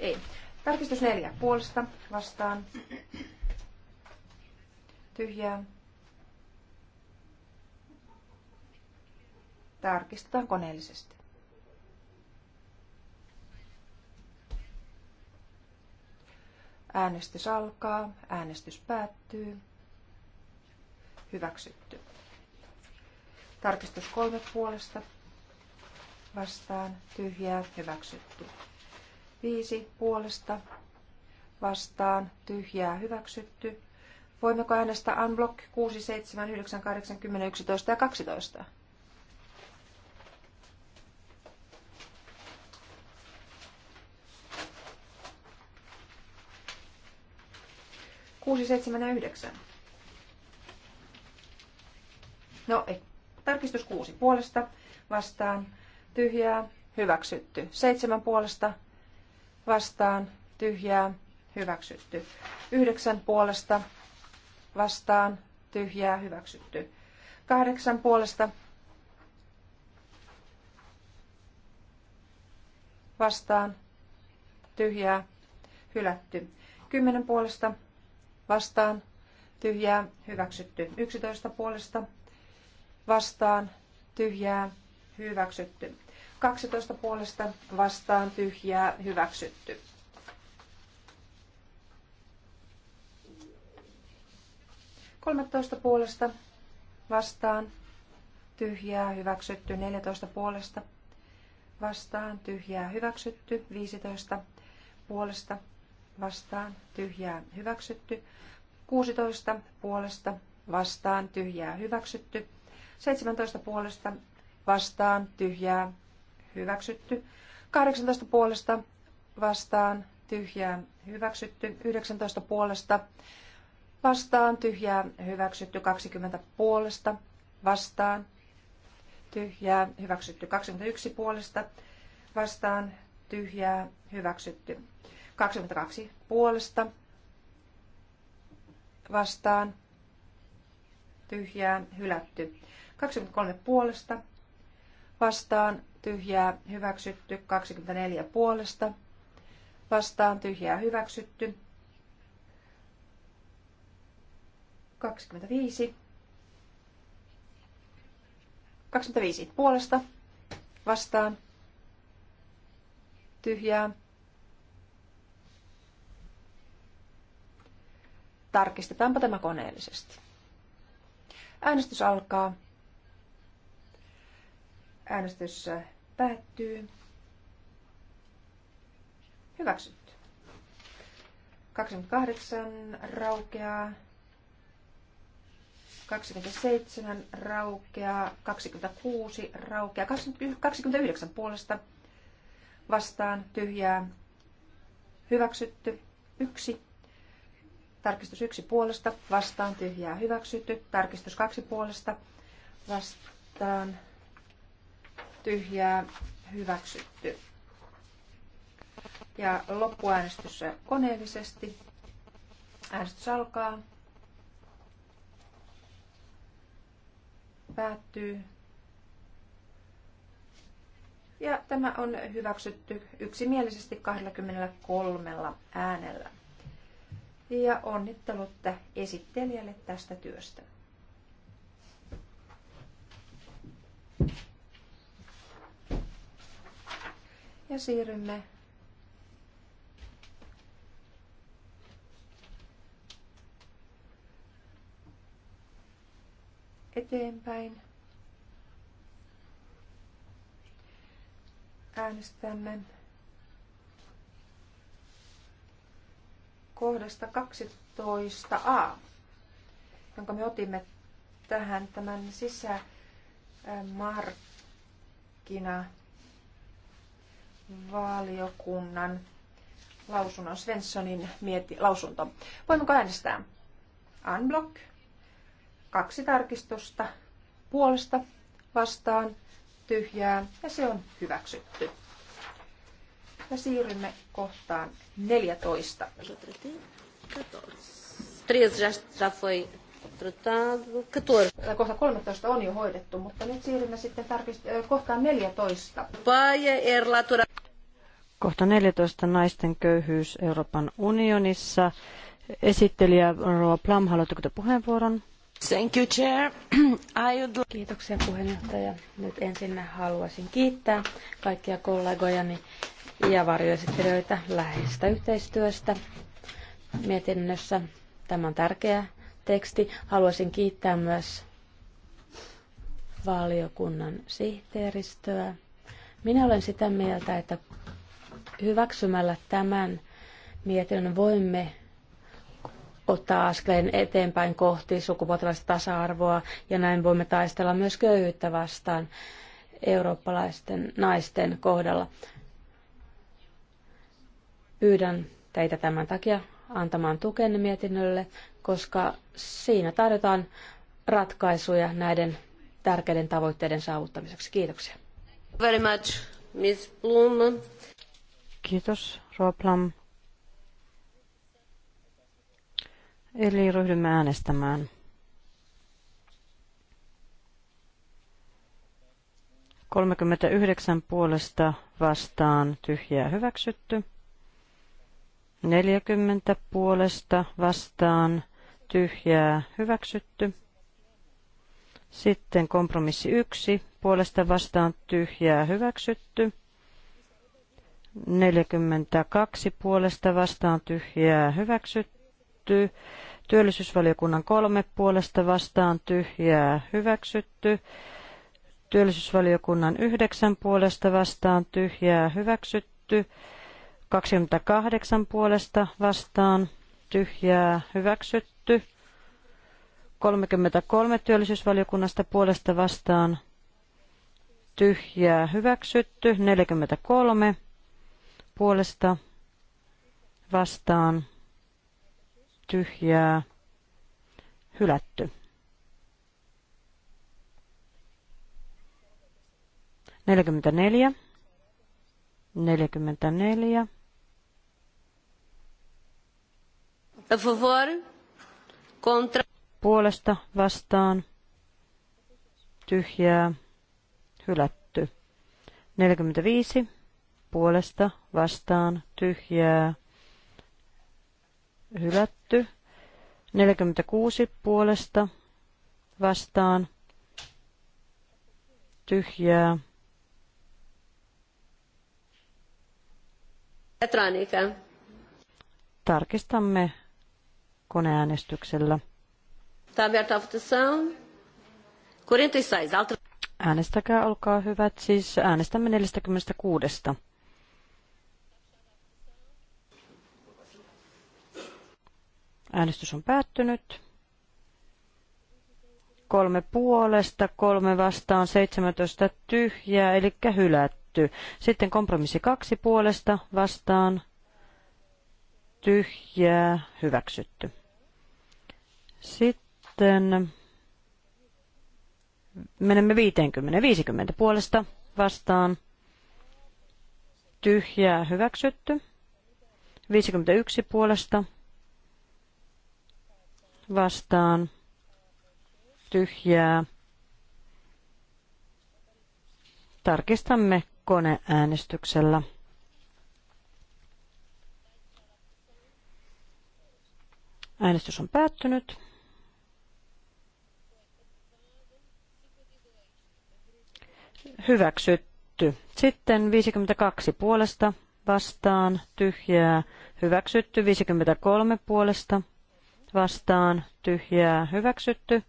Ei. Tarkistus neljä puolesta vastaan. Tyhjää. Tarkistetaan koneellisesti. Äänestys alkaa, äänestys päättyy. Hyväksytty. Tarkistus kolme puolesta. Vastaan, tyhjää, hyväksytty. 5 puolesta vastaan tyhjää hyväksytty. Voimmeko äänestää unblock 6, 7, 9, 8, 10, 11 ja 12? Kuusi, seitsemän ja yhdeksän. No ei. Tarkistus kuusi puolesta vastaan. Tyhjää. Hyväksytty. Seitsemän puolesta vastaan tyhjää hyväksytty. Yhdeksän puolesta vastaan tyhjää hyväksytty. Kahdeksan puolesta vastaan tyhjää hylätty. Kymmenen puolesta vastaan tyhjää hyväksytty. Yksitoista puolesta vastaan tyhjää hyväksytty. 12 puolesta vastaan tyhjää hyväksytty. Kolmetoista puolesta vastaan tyhjää hyväksytty. 14 puolesta vastaan tyhjää hyväksytty. 15 puolesta vastaan tyhjää hyväksytty. 16 puolesta vastaan tyhjää hyväksytty. 17 puolesta vastaan tyhjää hyväksytty. 18 puolesta vastaan tyhjää hyväksytty. 19 puolesta vastaan tyhjää hyväksytty. 20 puolesta vastaan tyhjää hyväksytty. 21 puolesta vastaan tyhjää hyväksytty. 22 puolesta vastaan tyhjää hylätty. 23 puolesta vastaan tyhjää hyväksytty, 24 puolesta vastaan tyhjää hyväksytty, 25, 25 puolesta vastaan tyhjää. Tarkistetaanpa tämä koneellisesti. Äänestys alkaa. Äänestys Päättyy. Hyväksytty. 28 raukeaa. 27 raukeaa, 26 raukeaa, 29 puolesta vastaan tyhjää, hyväksytty, yksi tarkistus yksi puolesta, vastaan tyhjää, hyväksytty, tarkistus kaksi puolesta, vastaan tyhjää hyväksytty. Ja loppuäänestys koneellisesti. Äänestys alkaa. Päättyy. Ja tämä on hyväksytty yksimielisesti 23 äänellä. Ja onnittelut esittelijälle tästä työstä. Ja siirrymme eteenpäin. Äänestämme kohdasta 12a, jonka me otimme tähän tämän sisämarkkina valiokunnan lausunnon, Svenssonin mieti, lausunto. Voimmeko äänestää? Unblock. Kaksi tarkistusta. Puolesta vastaan tyhjää ja se on hyväksytty. Ja siirrymme kohtaan 14. 13 foi Kohta 13 on jo hoidettu, mutta nyt siirrymme sitten tarkist- kohtaan 14. Er kohta 14 naisten köyhyys Euroopan unionissa. Esittelijä Roa Plam, haluatteko te puheenvuoron? Thank you, Chair. I would... Kiitoksia puheenjohtaja. Nyt ensin haluaisin kiittää kaikkia kollegojani ja varjoesittelijöitä läheistä yhteistyöstä mietinnössä. Tämä on tärkeä teksti. Haluaisin kiittää myös valiokunnan sihteeristöä. Minä olen sitä mieltä, että hyväksymällä tämän mietinnön voimme ottaa askeleen eteenpäin kohti sukupuolista tasa-arvoa ja näin voimme taistella myös köyhyyttä vastaan eurooppalaisten naisten kohdalla. Pyydän teitä tämän takia antamaan tukenne mietinnölle koska siinä tarjotaan ratkaisuja näiden tärkeiden tavoitteiden saavuttamiseksi. Kiitoksia. Very much, Ms. Blum. Kiitos, Rooplam. Eli ryhdymme äänestämään. Kolmekymmentä yhdeksän puolesta vastaan tyhjää hyväksytty. Neljäkymmentä puolesta vastaan tyhjää hyväksytty. Sitten kompromissi 1, puolesta vastaan tyhjää hyväksytty. 42 puolesta vastaan tyhjää hyväksytty. Työllisyysvaliokunnan kolme puolesta vastaan tyhjää hyväksytty. Työllisyysvaliokunnan yhdeksän puolesta vastaan tyhjää hyväksytty. 28 puolesta vastaan tyhjää hyväksytty hylätty. 33 työllisyysvaliokunnasta puolesta vastaan tyhjää hyväksytty. 43 puolesta vastaan tyhjää hylätty. 44. 44. A favor. Kontra. Puolesta vastaan. Tyhjää. Hylätty. 45. Puolesta vastaan. Tyhjää. Hylätty. 46. Puolesta vastaan. Tyhjää. Petranika. Tarkistamme koneäänestyksellä. E Äänestäkää, olkaa hyvät. Siis äänestämme 46. Äänestys on päättynyt. Kolme puolesta, kolme vastaan, 17 tyhjää, eli hylätty. Sitten kompromissi kaksi puolesta vastaan, tyhjää, hyväksytty. Sitten menemme 50. 50 puolesta vastaan. Tyhjää hyväksytty. 51 puolesta vastaan. Tyhjää. Tarkistamme koneäänestyksellä. Äänestys on päättynyt. hyväksytty. Sitten 52 puolesta vastaan tyhjää hyväksytty. 53 puolesta vastaan tyhjää hyväksytty.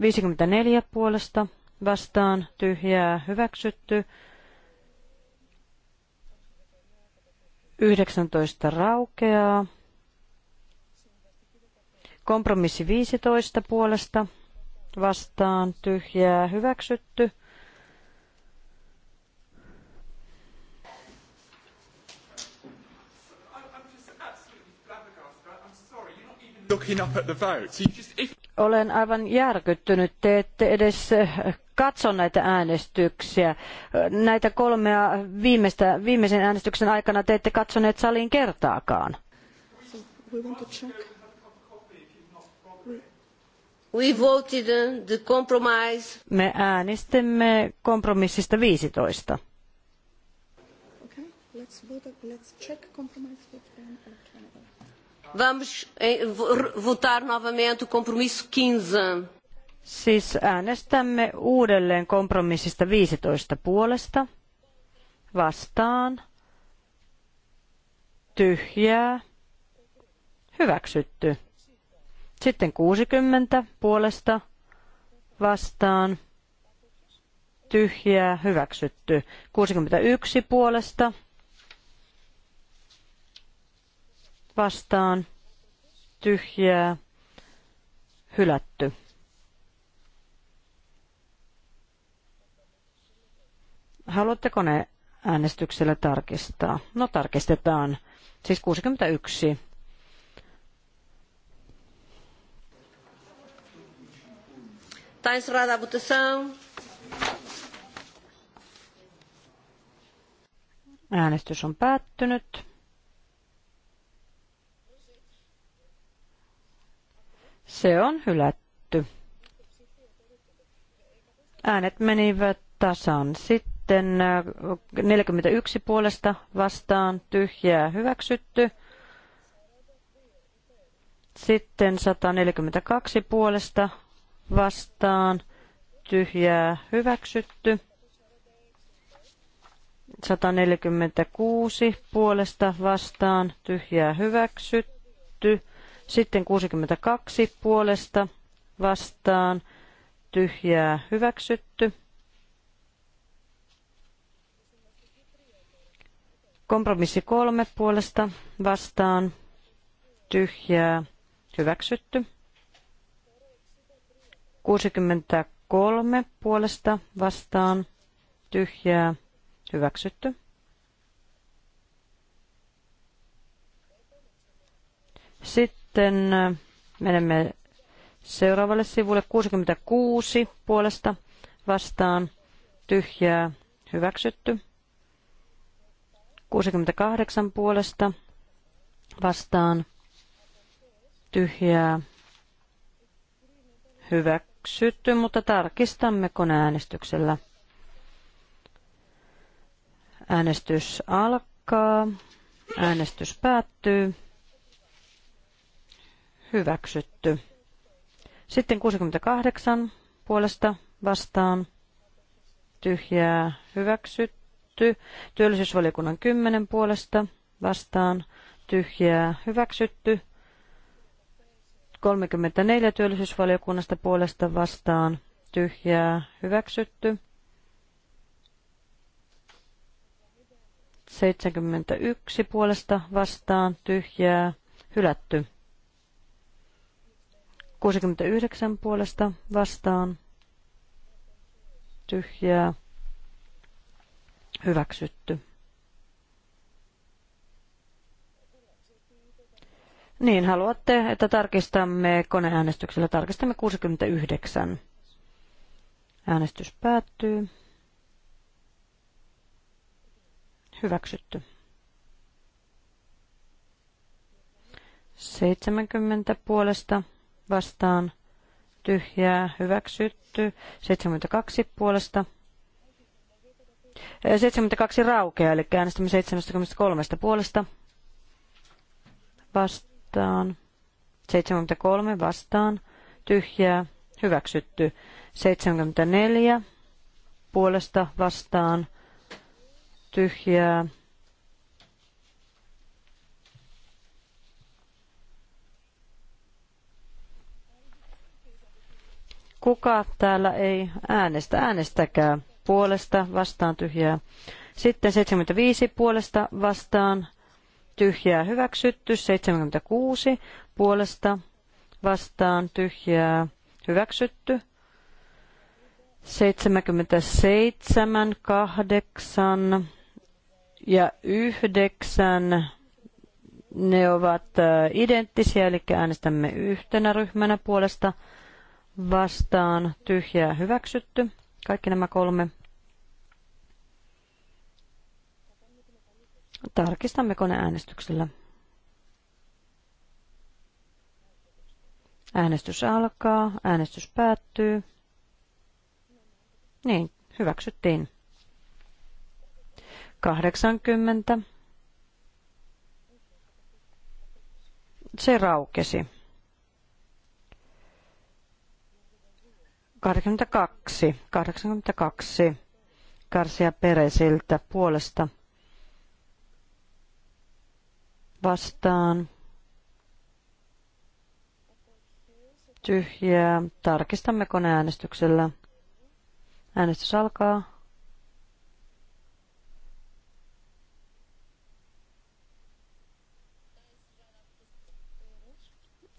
Viisikymmentäneljä puolesta vastaan tyhjää hyväksytty. Yhdeksäntoista raukeaa. Kompromissi 15 puolesta vastaan tyhjää hyväksytty. Olen aivan järkyttynyt. Te ette edes eh, katso näitä äänestyksiä. Näitä kolmea viimeistä, viimeisen äänestyksen aikana te ette katsoneet saliin kertaakaan. So We voted uh, the compromise. Me äänestimme kompromissista 15. Okay, let's vote, let's check compromise vamos eh, votar novamente o compromisso 15. Siis äänestämme uudelleen kompromissista 15 puolesta. Vastaan. Tyhjää. Hyväksytty. Sitten 60 puolesta vastaan tyhjää hyväksytty. 61 puolesta vastaan tyhjää hylätty. Haluatteko ne äänestyksellä tarkistaa? No tarkistetaan. Siis 61. Está encerrada a votação. Äänestys on päättynyt. Se on hylätty. Äänet menivät tasan. Sitten 41 äh, puolesta vastaan tyhjää hyväksytty. Sitten 142 puolesta vastaan tyhjää hyväksytty. 146 puolesta vastaan tyhjää hyväksytty. Sitten 62 puolesta vastaan tyhjää hyväksytty. Kompromissi kolme puolesta vastaan tyhjää hyväksytty. 63 puolesta vastaan tyhjää hyväksytty. Sitten äh, menemme seuraavalle sivulle 66 puolesta vastaan tyhjää hyväksytty. 68 puolesta vastaan tyhjää hyvä, hyväksytty, mutta tarkistamme koneäänestyksellä. Äänestys alkaa. Äänestys päättyy. Hyväksytty. Sitten 68 puolesta vastaan. Tyhjää hyväksytty. Työllisyysvaliokunnan 10 puolesta vastaan. Tyhjää hyväksytty. 34 työllisyysvaliokunnasta puolesta vastaan tyhjää hyväksytty. 71 puolesta vastaan tyhjää hylätty. 69 puolesta vastaan tyhjää hyväksytty. Niin, haluatte, että tarkistamme koneäänestyksellä. Tarkistamme 69. Äänestys päättyy. Hyväksytty. 70 puolesta vastaan tyhjää hyväksytty. 72 puolesta 72 raukeaa, eli äänestämme 73 puolesta. Vastaan vastaan, 73 vastaan, tyhjää, hyväksytty. 74 puolesta vastaan, tyhjää, kuka täällä ei äänestä, äänestäkää puolesta vastaan tyhjää. Sitten 75 puolesta vastaan tyhjää hyväksytty, 76 puolesta vastaan tyhjää hyväksytty, 77, 8 ja 9 ne ovat äh, identtisiä, eli äänestämme yhtenä ryhmänä puolesta vastaan tyhjää hyväksytty. Kaikki nämä kolme Tarkistamme koneäänestyksellä. Äänestys alkaa, äänestys päättyy. Niin, hyväksyttiin. 80. Se raukesi. 82. 82. Karsia Peresiltä puolesta vastaan tyhjää. Tarkistamme koneäänestyksellä. Äänestys alkaa.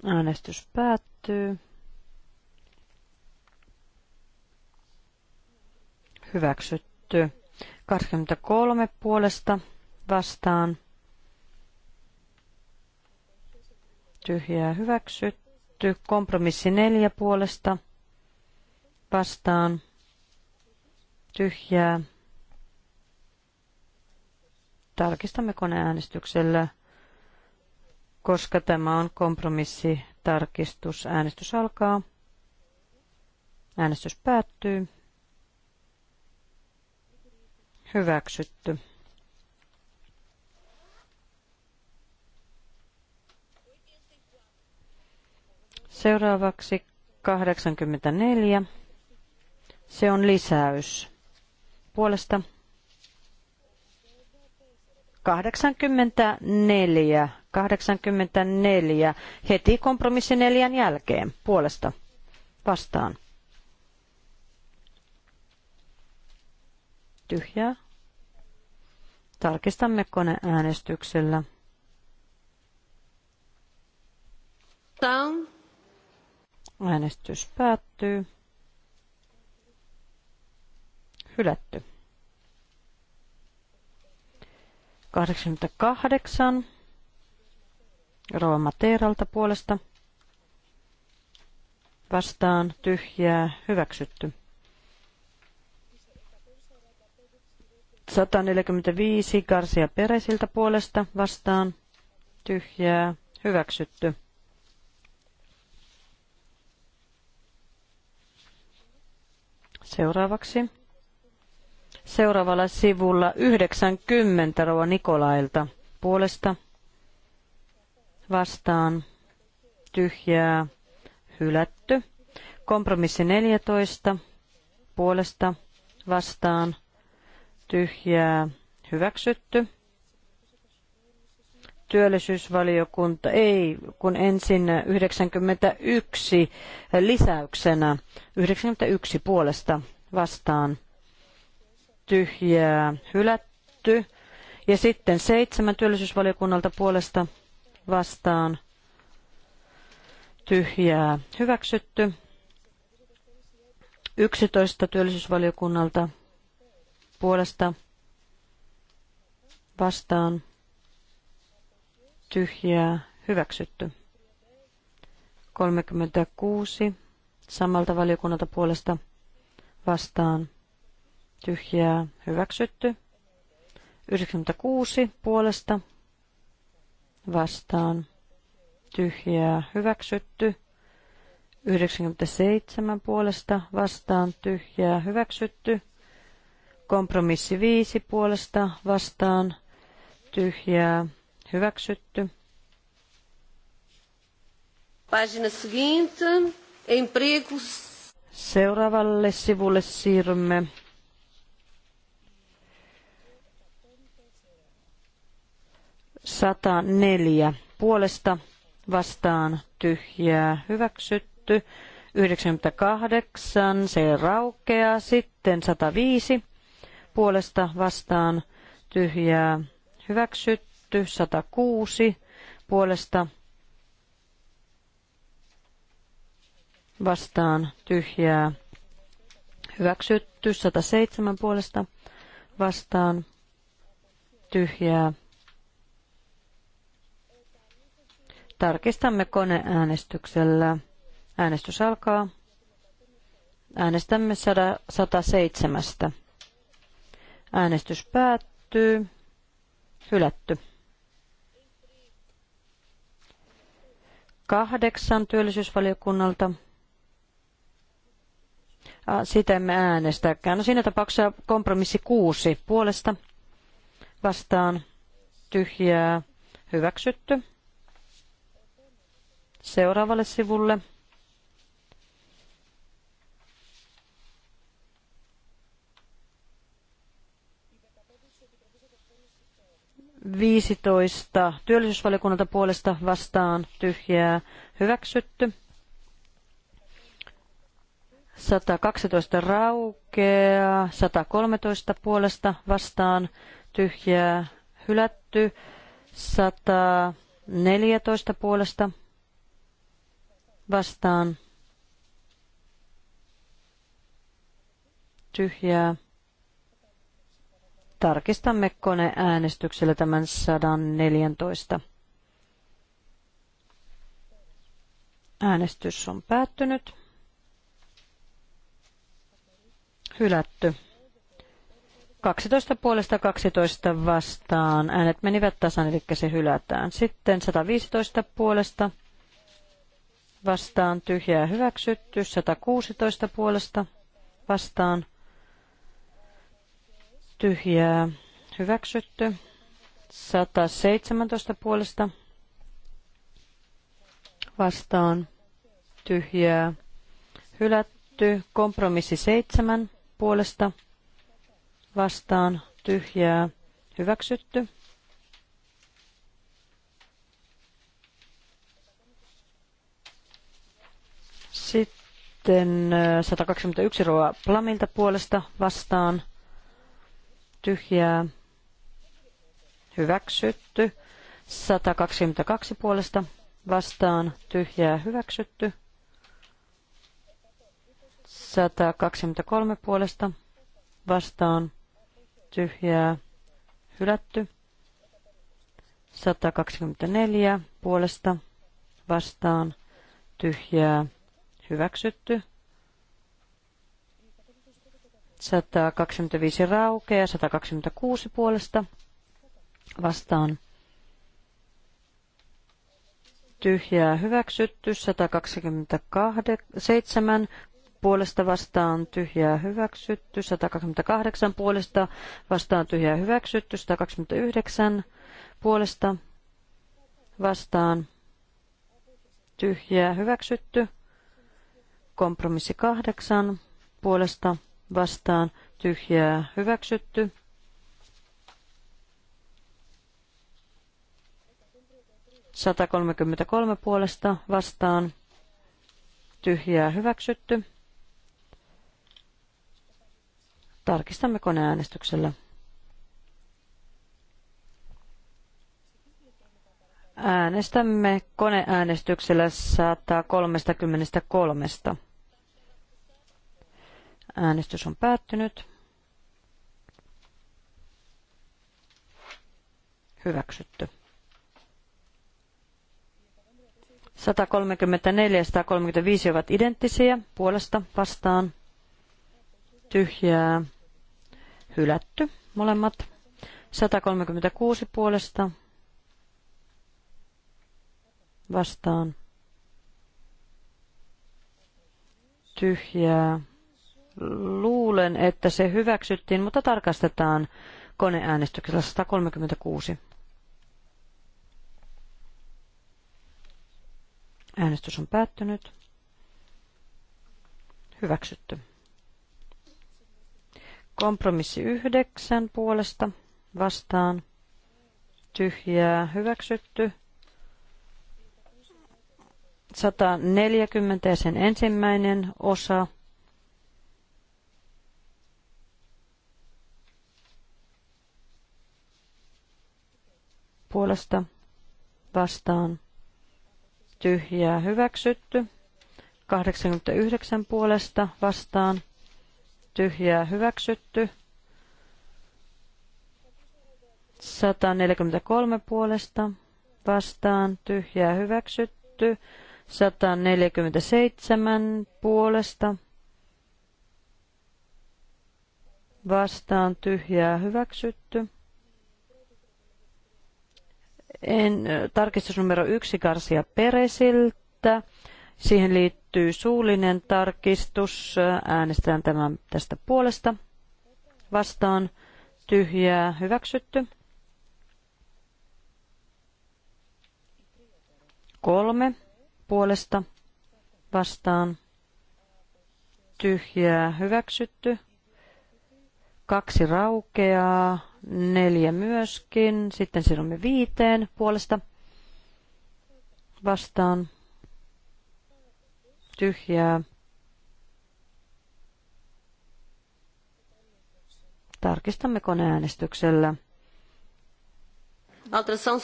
Äänestys päättyy. Hyväksytty. 23 puolesta vastaan tyhjää hyväksytty. Kompromissi neljä puolesta vastaan tyhjää. Tarkistamme koneäänestyksellä, koska tämä on kompromissi tarkistus. Äänestys alkaa. Äänestys päättyy. Hyväksytty. Seuraavaksi 84. Se on lisäys. Puolesta 84. 84 heti kompromissi neljän jälkeen puolesta vastaan. Tyhjää. Tarkistamme koneäänestyksellä. Down. Äänestys päättyy. Hylätty. 88. Rova Mateeralta puolesta. Vastaan tyhjää hyväksytty. 145 Karsia Peresiltä puolesta vastaan tyhjää hyväksytty. Seuraavaksi. Seuraavalla sivulla 90 Rova Nikolailta puolesta vastaan tyhjää hylätty. Kompromissi 14 puolesta vastaan tyhjää hyväksytty työllisyysvaliokunta, ei, kun ensin 91 lisäyksenä, 91 puolesta vastaan tyhjää hylätty. Ja sitten seitsemän työllisyysvaliokunnalta puolesta vastaan tyhjää hyväksytty. 11 työllisyysvaliokunnalta puolesta vastaan tyhjää hyväksytty. 36 samalta valiokunnalta puolesta vastaan tyhjää hyväksytty. 96 puolesta vastaan tyhjää hyväksytty. 97 puolesta vastaan tyhjää hyväksytty. Kompromissi 5 puolesta vastaan tyhjää Hyväksytty. Seuraavalle sivulle siirrymme. Sata neljä puolesta vastaan tyhjää hyväksytty. 98, se raukeaa. Sitten 105 puolesta vastaan tyhjää hyväksytty hylätty, 106 puolesta vastaan tyhjää hyväksytty, 107 puolesta vastaan tyhjää. Tarkistamme koneäänestyksellä. Äänestys alkaa. Äänestämme 107. Äänestys päättyy. Hylätty. kahdeksan työllisyysvaliokunnalta. Sitä emme äänestäkään. No siinä tapauksessa kompromissi kuusi puolesta vastaan tyhjää hyväksytty. Seuraavalle sivulle 15 työllisyysvaliokunnalta puolesta vastaan tyhjää hyväksytty. 112 raukeaa, 113 puolesta vastaan tyhjää hylätty, 114 puolesta vastaan tyhjää Tarkistamme koneäänestyksellä tämän 114. Äänestys on päättynyt. Hylätty. 12 puolesta 12 vastaan. Äänet menivät tasan, eli se hylätään. Sitten 115 puolesta vastaan tyhjää hyväksytty. 116 puolesta vastaan tyhjää hyväksytty. 117 puolesta vastaan tyhjää hylätty. Kompromissi 7 puolesta vastaan tyhjää hyväksytty. Sitten 121 äh, roa Plamilta puolesta vastaan tyhjää hyväksytty. 122 puolesta vastaan tyhjää hyväksytty. 123 puolesta vastaan tyhjää hylätty. 124 puolesta vastaan tyhjää hyväksytty. 125 raukeaa, 126 puolesta vastaan tyhjää hyväksytty, 127 puolesta vastaan tyhjää hyväksytty, 128 puolesta vastaan tyhjää hyväksytty, 129 puolesta vastaan tyhjää hyväksytty, kompromissi 8 puolesta vastaan tyhjää hyväksytty. Sata kolmekymmentäkolme puolesta vastaan tyhjää hyväksytty. Tarkistamme koneäänestyksellä. Äänestämme koneäänestyksellä 133. Äänestys on päättynyt. Hyväksytty. 134 ja 135 ovat identtisiä puolesta vastaan. Tyhjää. Hylätty molemmat. 136 puolesta vastaan. Tyhjää. Luulen, että se hyväksyttiin, mutta tarkastetaan koneäänestyksellä 136. Äänestys on päättynyt. Hyväksytty. Kompromissi yhdeksän puolesta vastaan. Tyhjää hyväksytty. 140 ja sen ensimmäinen osa puolesta vastaan tyhjää hyväksytty. 89 puolesta vastaan tyhjää hyväksytty. 143 puolesta vastaan tyhjää hyväksytty. 147 puolesta vastaan tyhjää hyväksytty. En, tarkistus numero yksi Karsia Peresiltä. Siihen liittyy suullinen tarkistus. Äänestetään tämän tästä puolesta. Vastaan tyhjää hyväksytty. Kolme puolesta vastaan tyhjää hyväksytty. Kaksi raukeaa, neljä myöskin. Sitten siirrymme viiteen puolesta vastaan. Tyhjää. Tarkistamme koneäänestyksellä. Alteração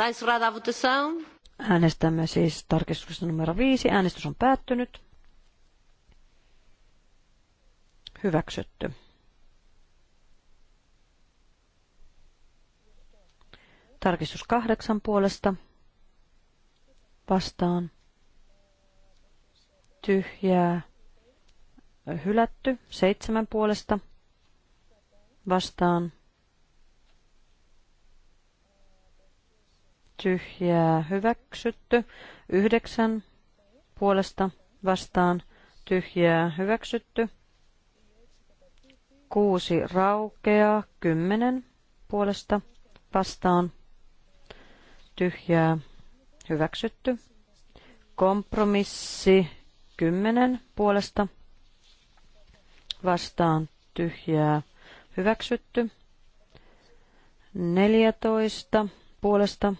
5. Äänestämme siis tarkistuksen numero 5. Äänestys on päättynyt. Hyväksytty. Tarkistus kahdeksan puolesta. Vastaan. Tyhjää. Hylätty. Seitsemän puolesta. Vastaan. Tyhjää. Hyväksytty. Yhdeksän puolesta. Vastaan. Tyhjää. Hyväksytty kuusi raukeaa, kymmenen puolesta vastaan, tyhjää, hyväksytty. Kompromissi kymmenen puolesta vastaan, tyhjää, hyväksytty. neljätoista puolesta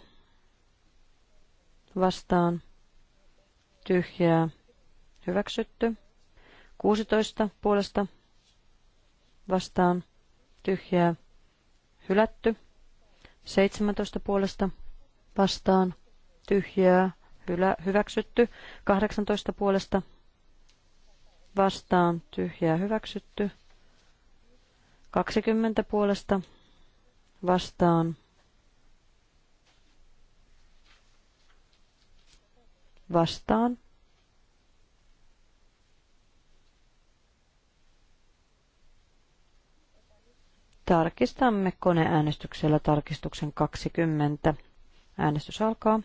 vastaan, tyhjää, hyväksytty. 16 puolesta vastaan tyhjää hylätty. 17 puolesta vastaan tyhjää hylä, hyväksytty. 18 puolesta vastaan tyhjää hyväksytty. 20 puolesta vastaan vastaan Tarkistamme koneäänestyksellä tarkistuksen 20. Äänestys alkaa.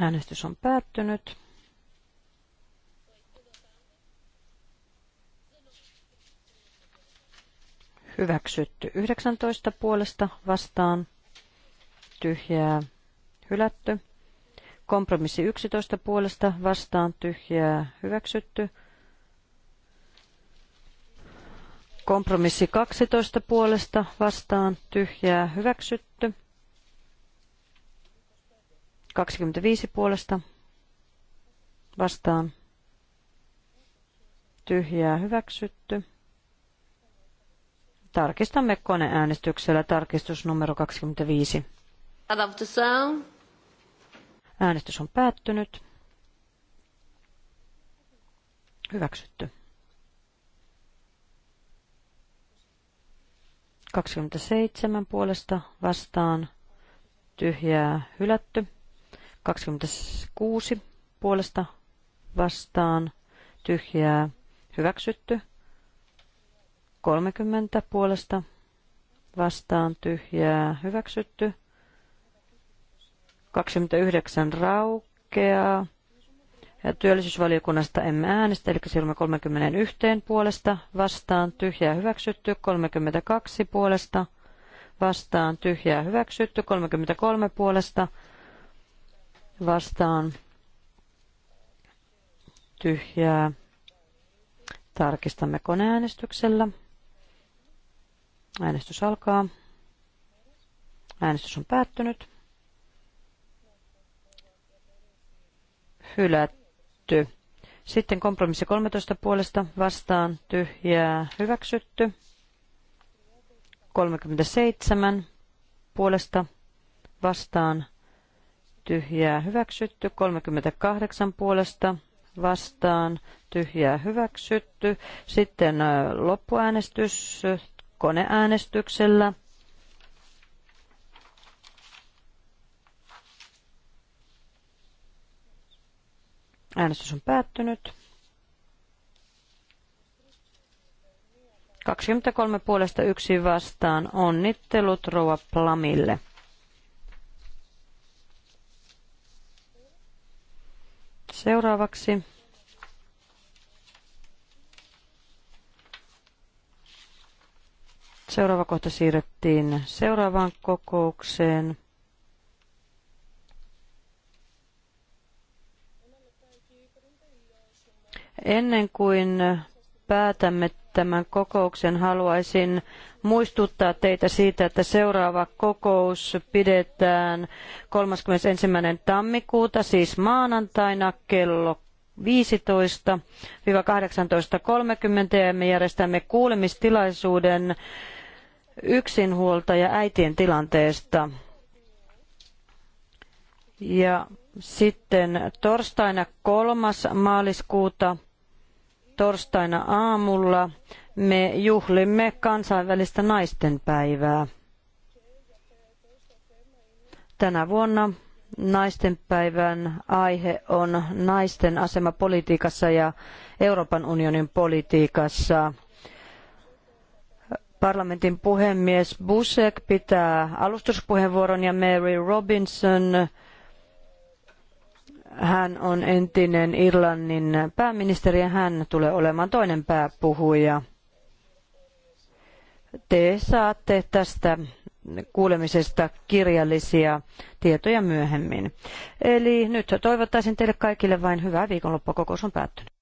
Äänestys on päättynyt. Hyväksytty 19 puolesta vastaan. Tyhjää hylätty. Kompromissi 11 puolesta vastaan tyhjää hyväksytty. Kompromissi 12 puolesta vastaan tyhjää hyväksytty. 25 puolesta vastaan tyhjää hyväksytty. Tarkistamme koneäänestyksellä tarkistusnumero numero 25. Äänestys on päättynyt. Hyväksytty. 27 puolesta vastaan tyhjää hylätty. 26 puolesta vastaan tyhjää hyväksytty. 30 puolesta vastaan tyhjää hyväksytty. 29 raukeaa. Ja työllisyysvaliokunnasta emme äänestä, eli siirrymme 31 puolesta vastaan, tyhjää hyväksytty, 32 puolesta vastaan, tyhjää hyväksytty, 33 puolesta vastaan, tyhjää. Tarkistamme koneäänestyksellä. Äänestys alkaa. Äänestys on päättynyt. hylätty. Sitten kompromissi 13 puolesta vastaan tyhjää hyväksytty. 37 puolesta vastaan tyhjää hyväksytty. 38 puolesta vastaan tyhjää hyväksytty. Sitten loppuäänestys koneäänestyksellä. Äänestys on päättynyt. 23 puolesta yksi vastaan. Onnittelut Rova Plamille. Seuraavaksi Seuraava kohta siirrettiin seuraavaan kokoukseen. Ennen kuin päätämme tämän kokouksen, haluaisin muistuttaa teitä siitä, että seuraava kokous pidetään 31. tammikuuta, siis maanantaina kello 15-18.30 ja me järjestämme kuulemistilaisuuden ja äitien tilanteesta. Ja sitten torstaina kolmas maaliskuuta torstaina aamulla me juhlimme kansainvälistä naistenpäivää. Tänä vuonna naistenpäivän aihe on naisten asema politiikassa ja Euroopan unionin politiikassa. Parlamentin puhemies Busek pitää alustuspuheenvuoron ja Mary Robinson hän on entinen Irlannin pääministeri ja hän tulee olemaan toinen pääpuhuja. Te saatte tästä kuulemisesta kirjallisia tietoja myöhemmin. Eli nyt toivottaisin teille kaikille vain hyvää viikonloppua. Kokous on päättynyt.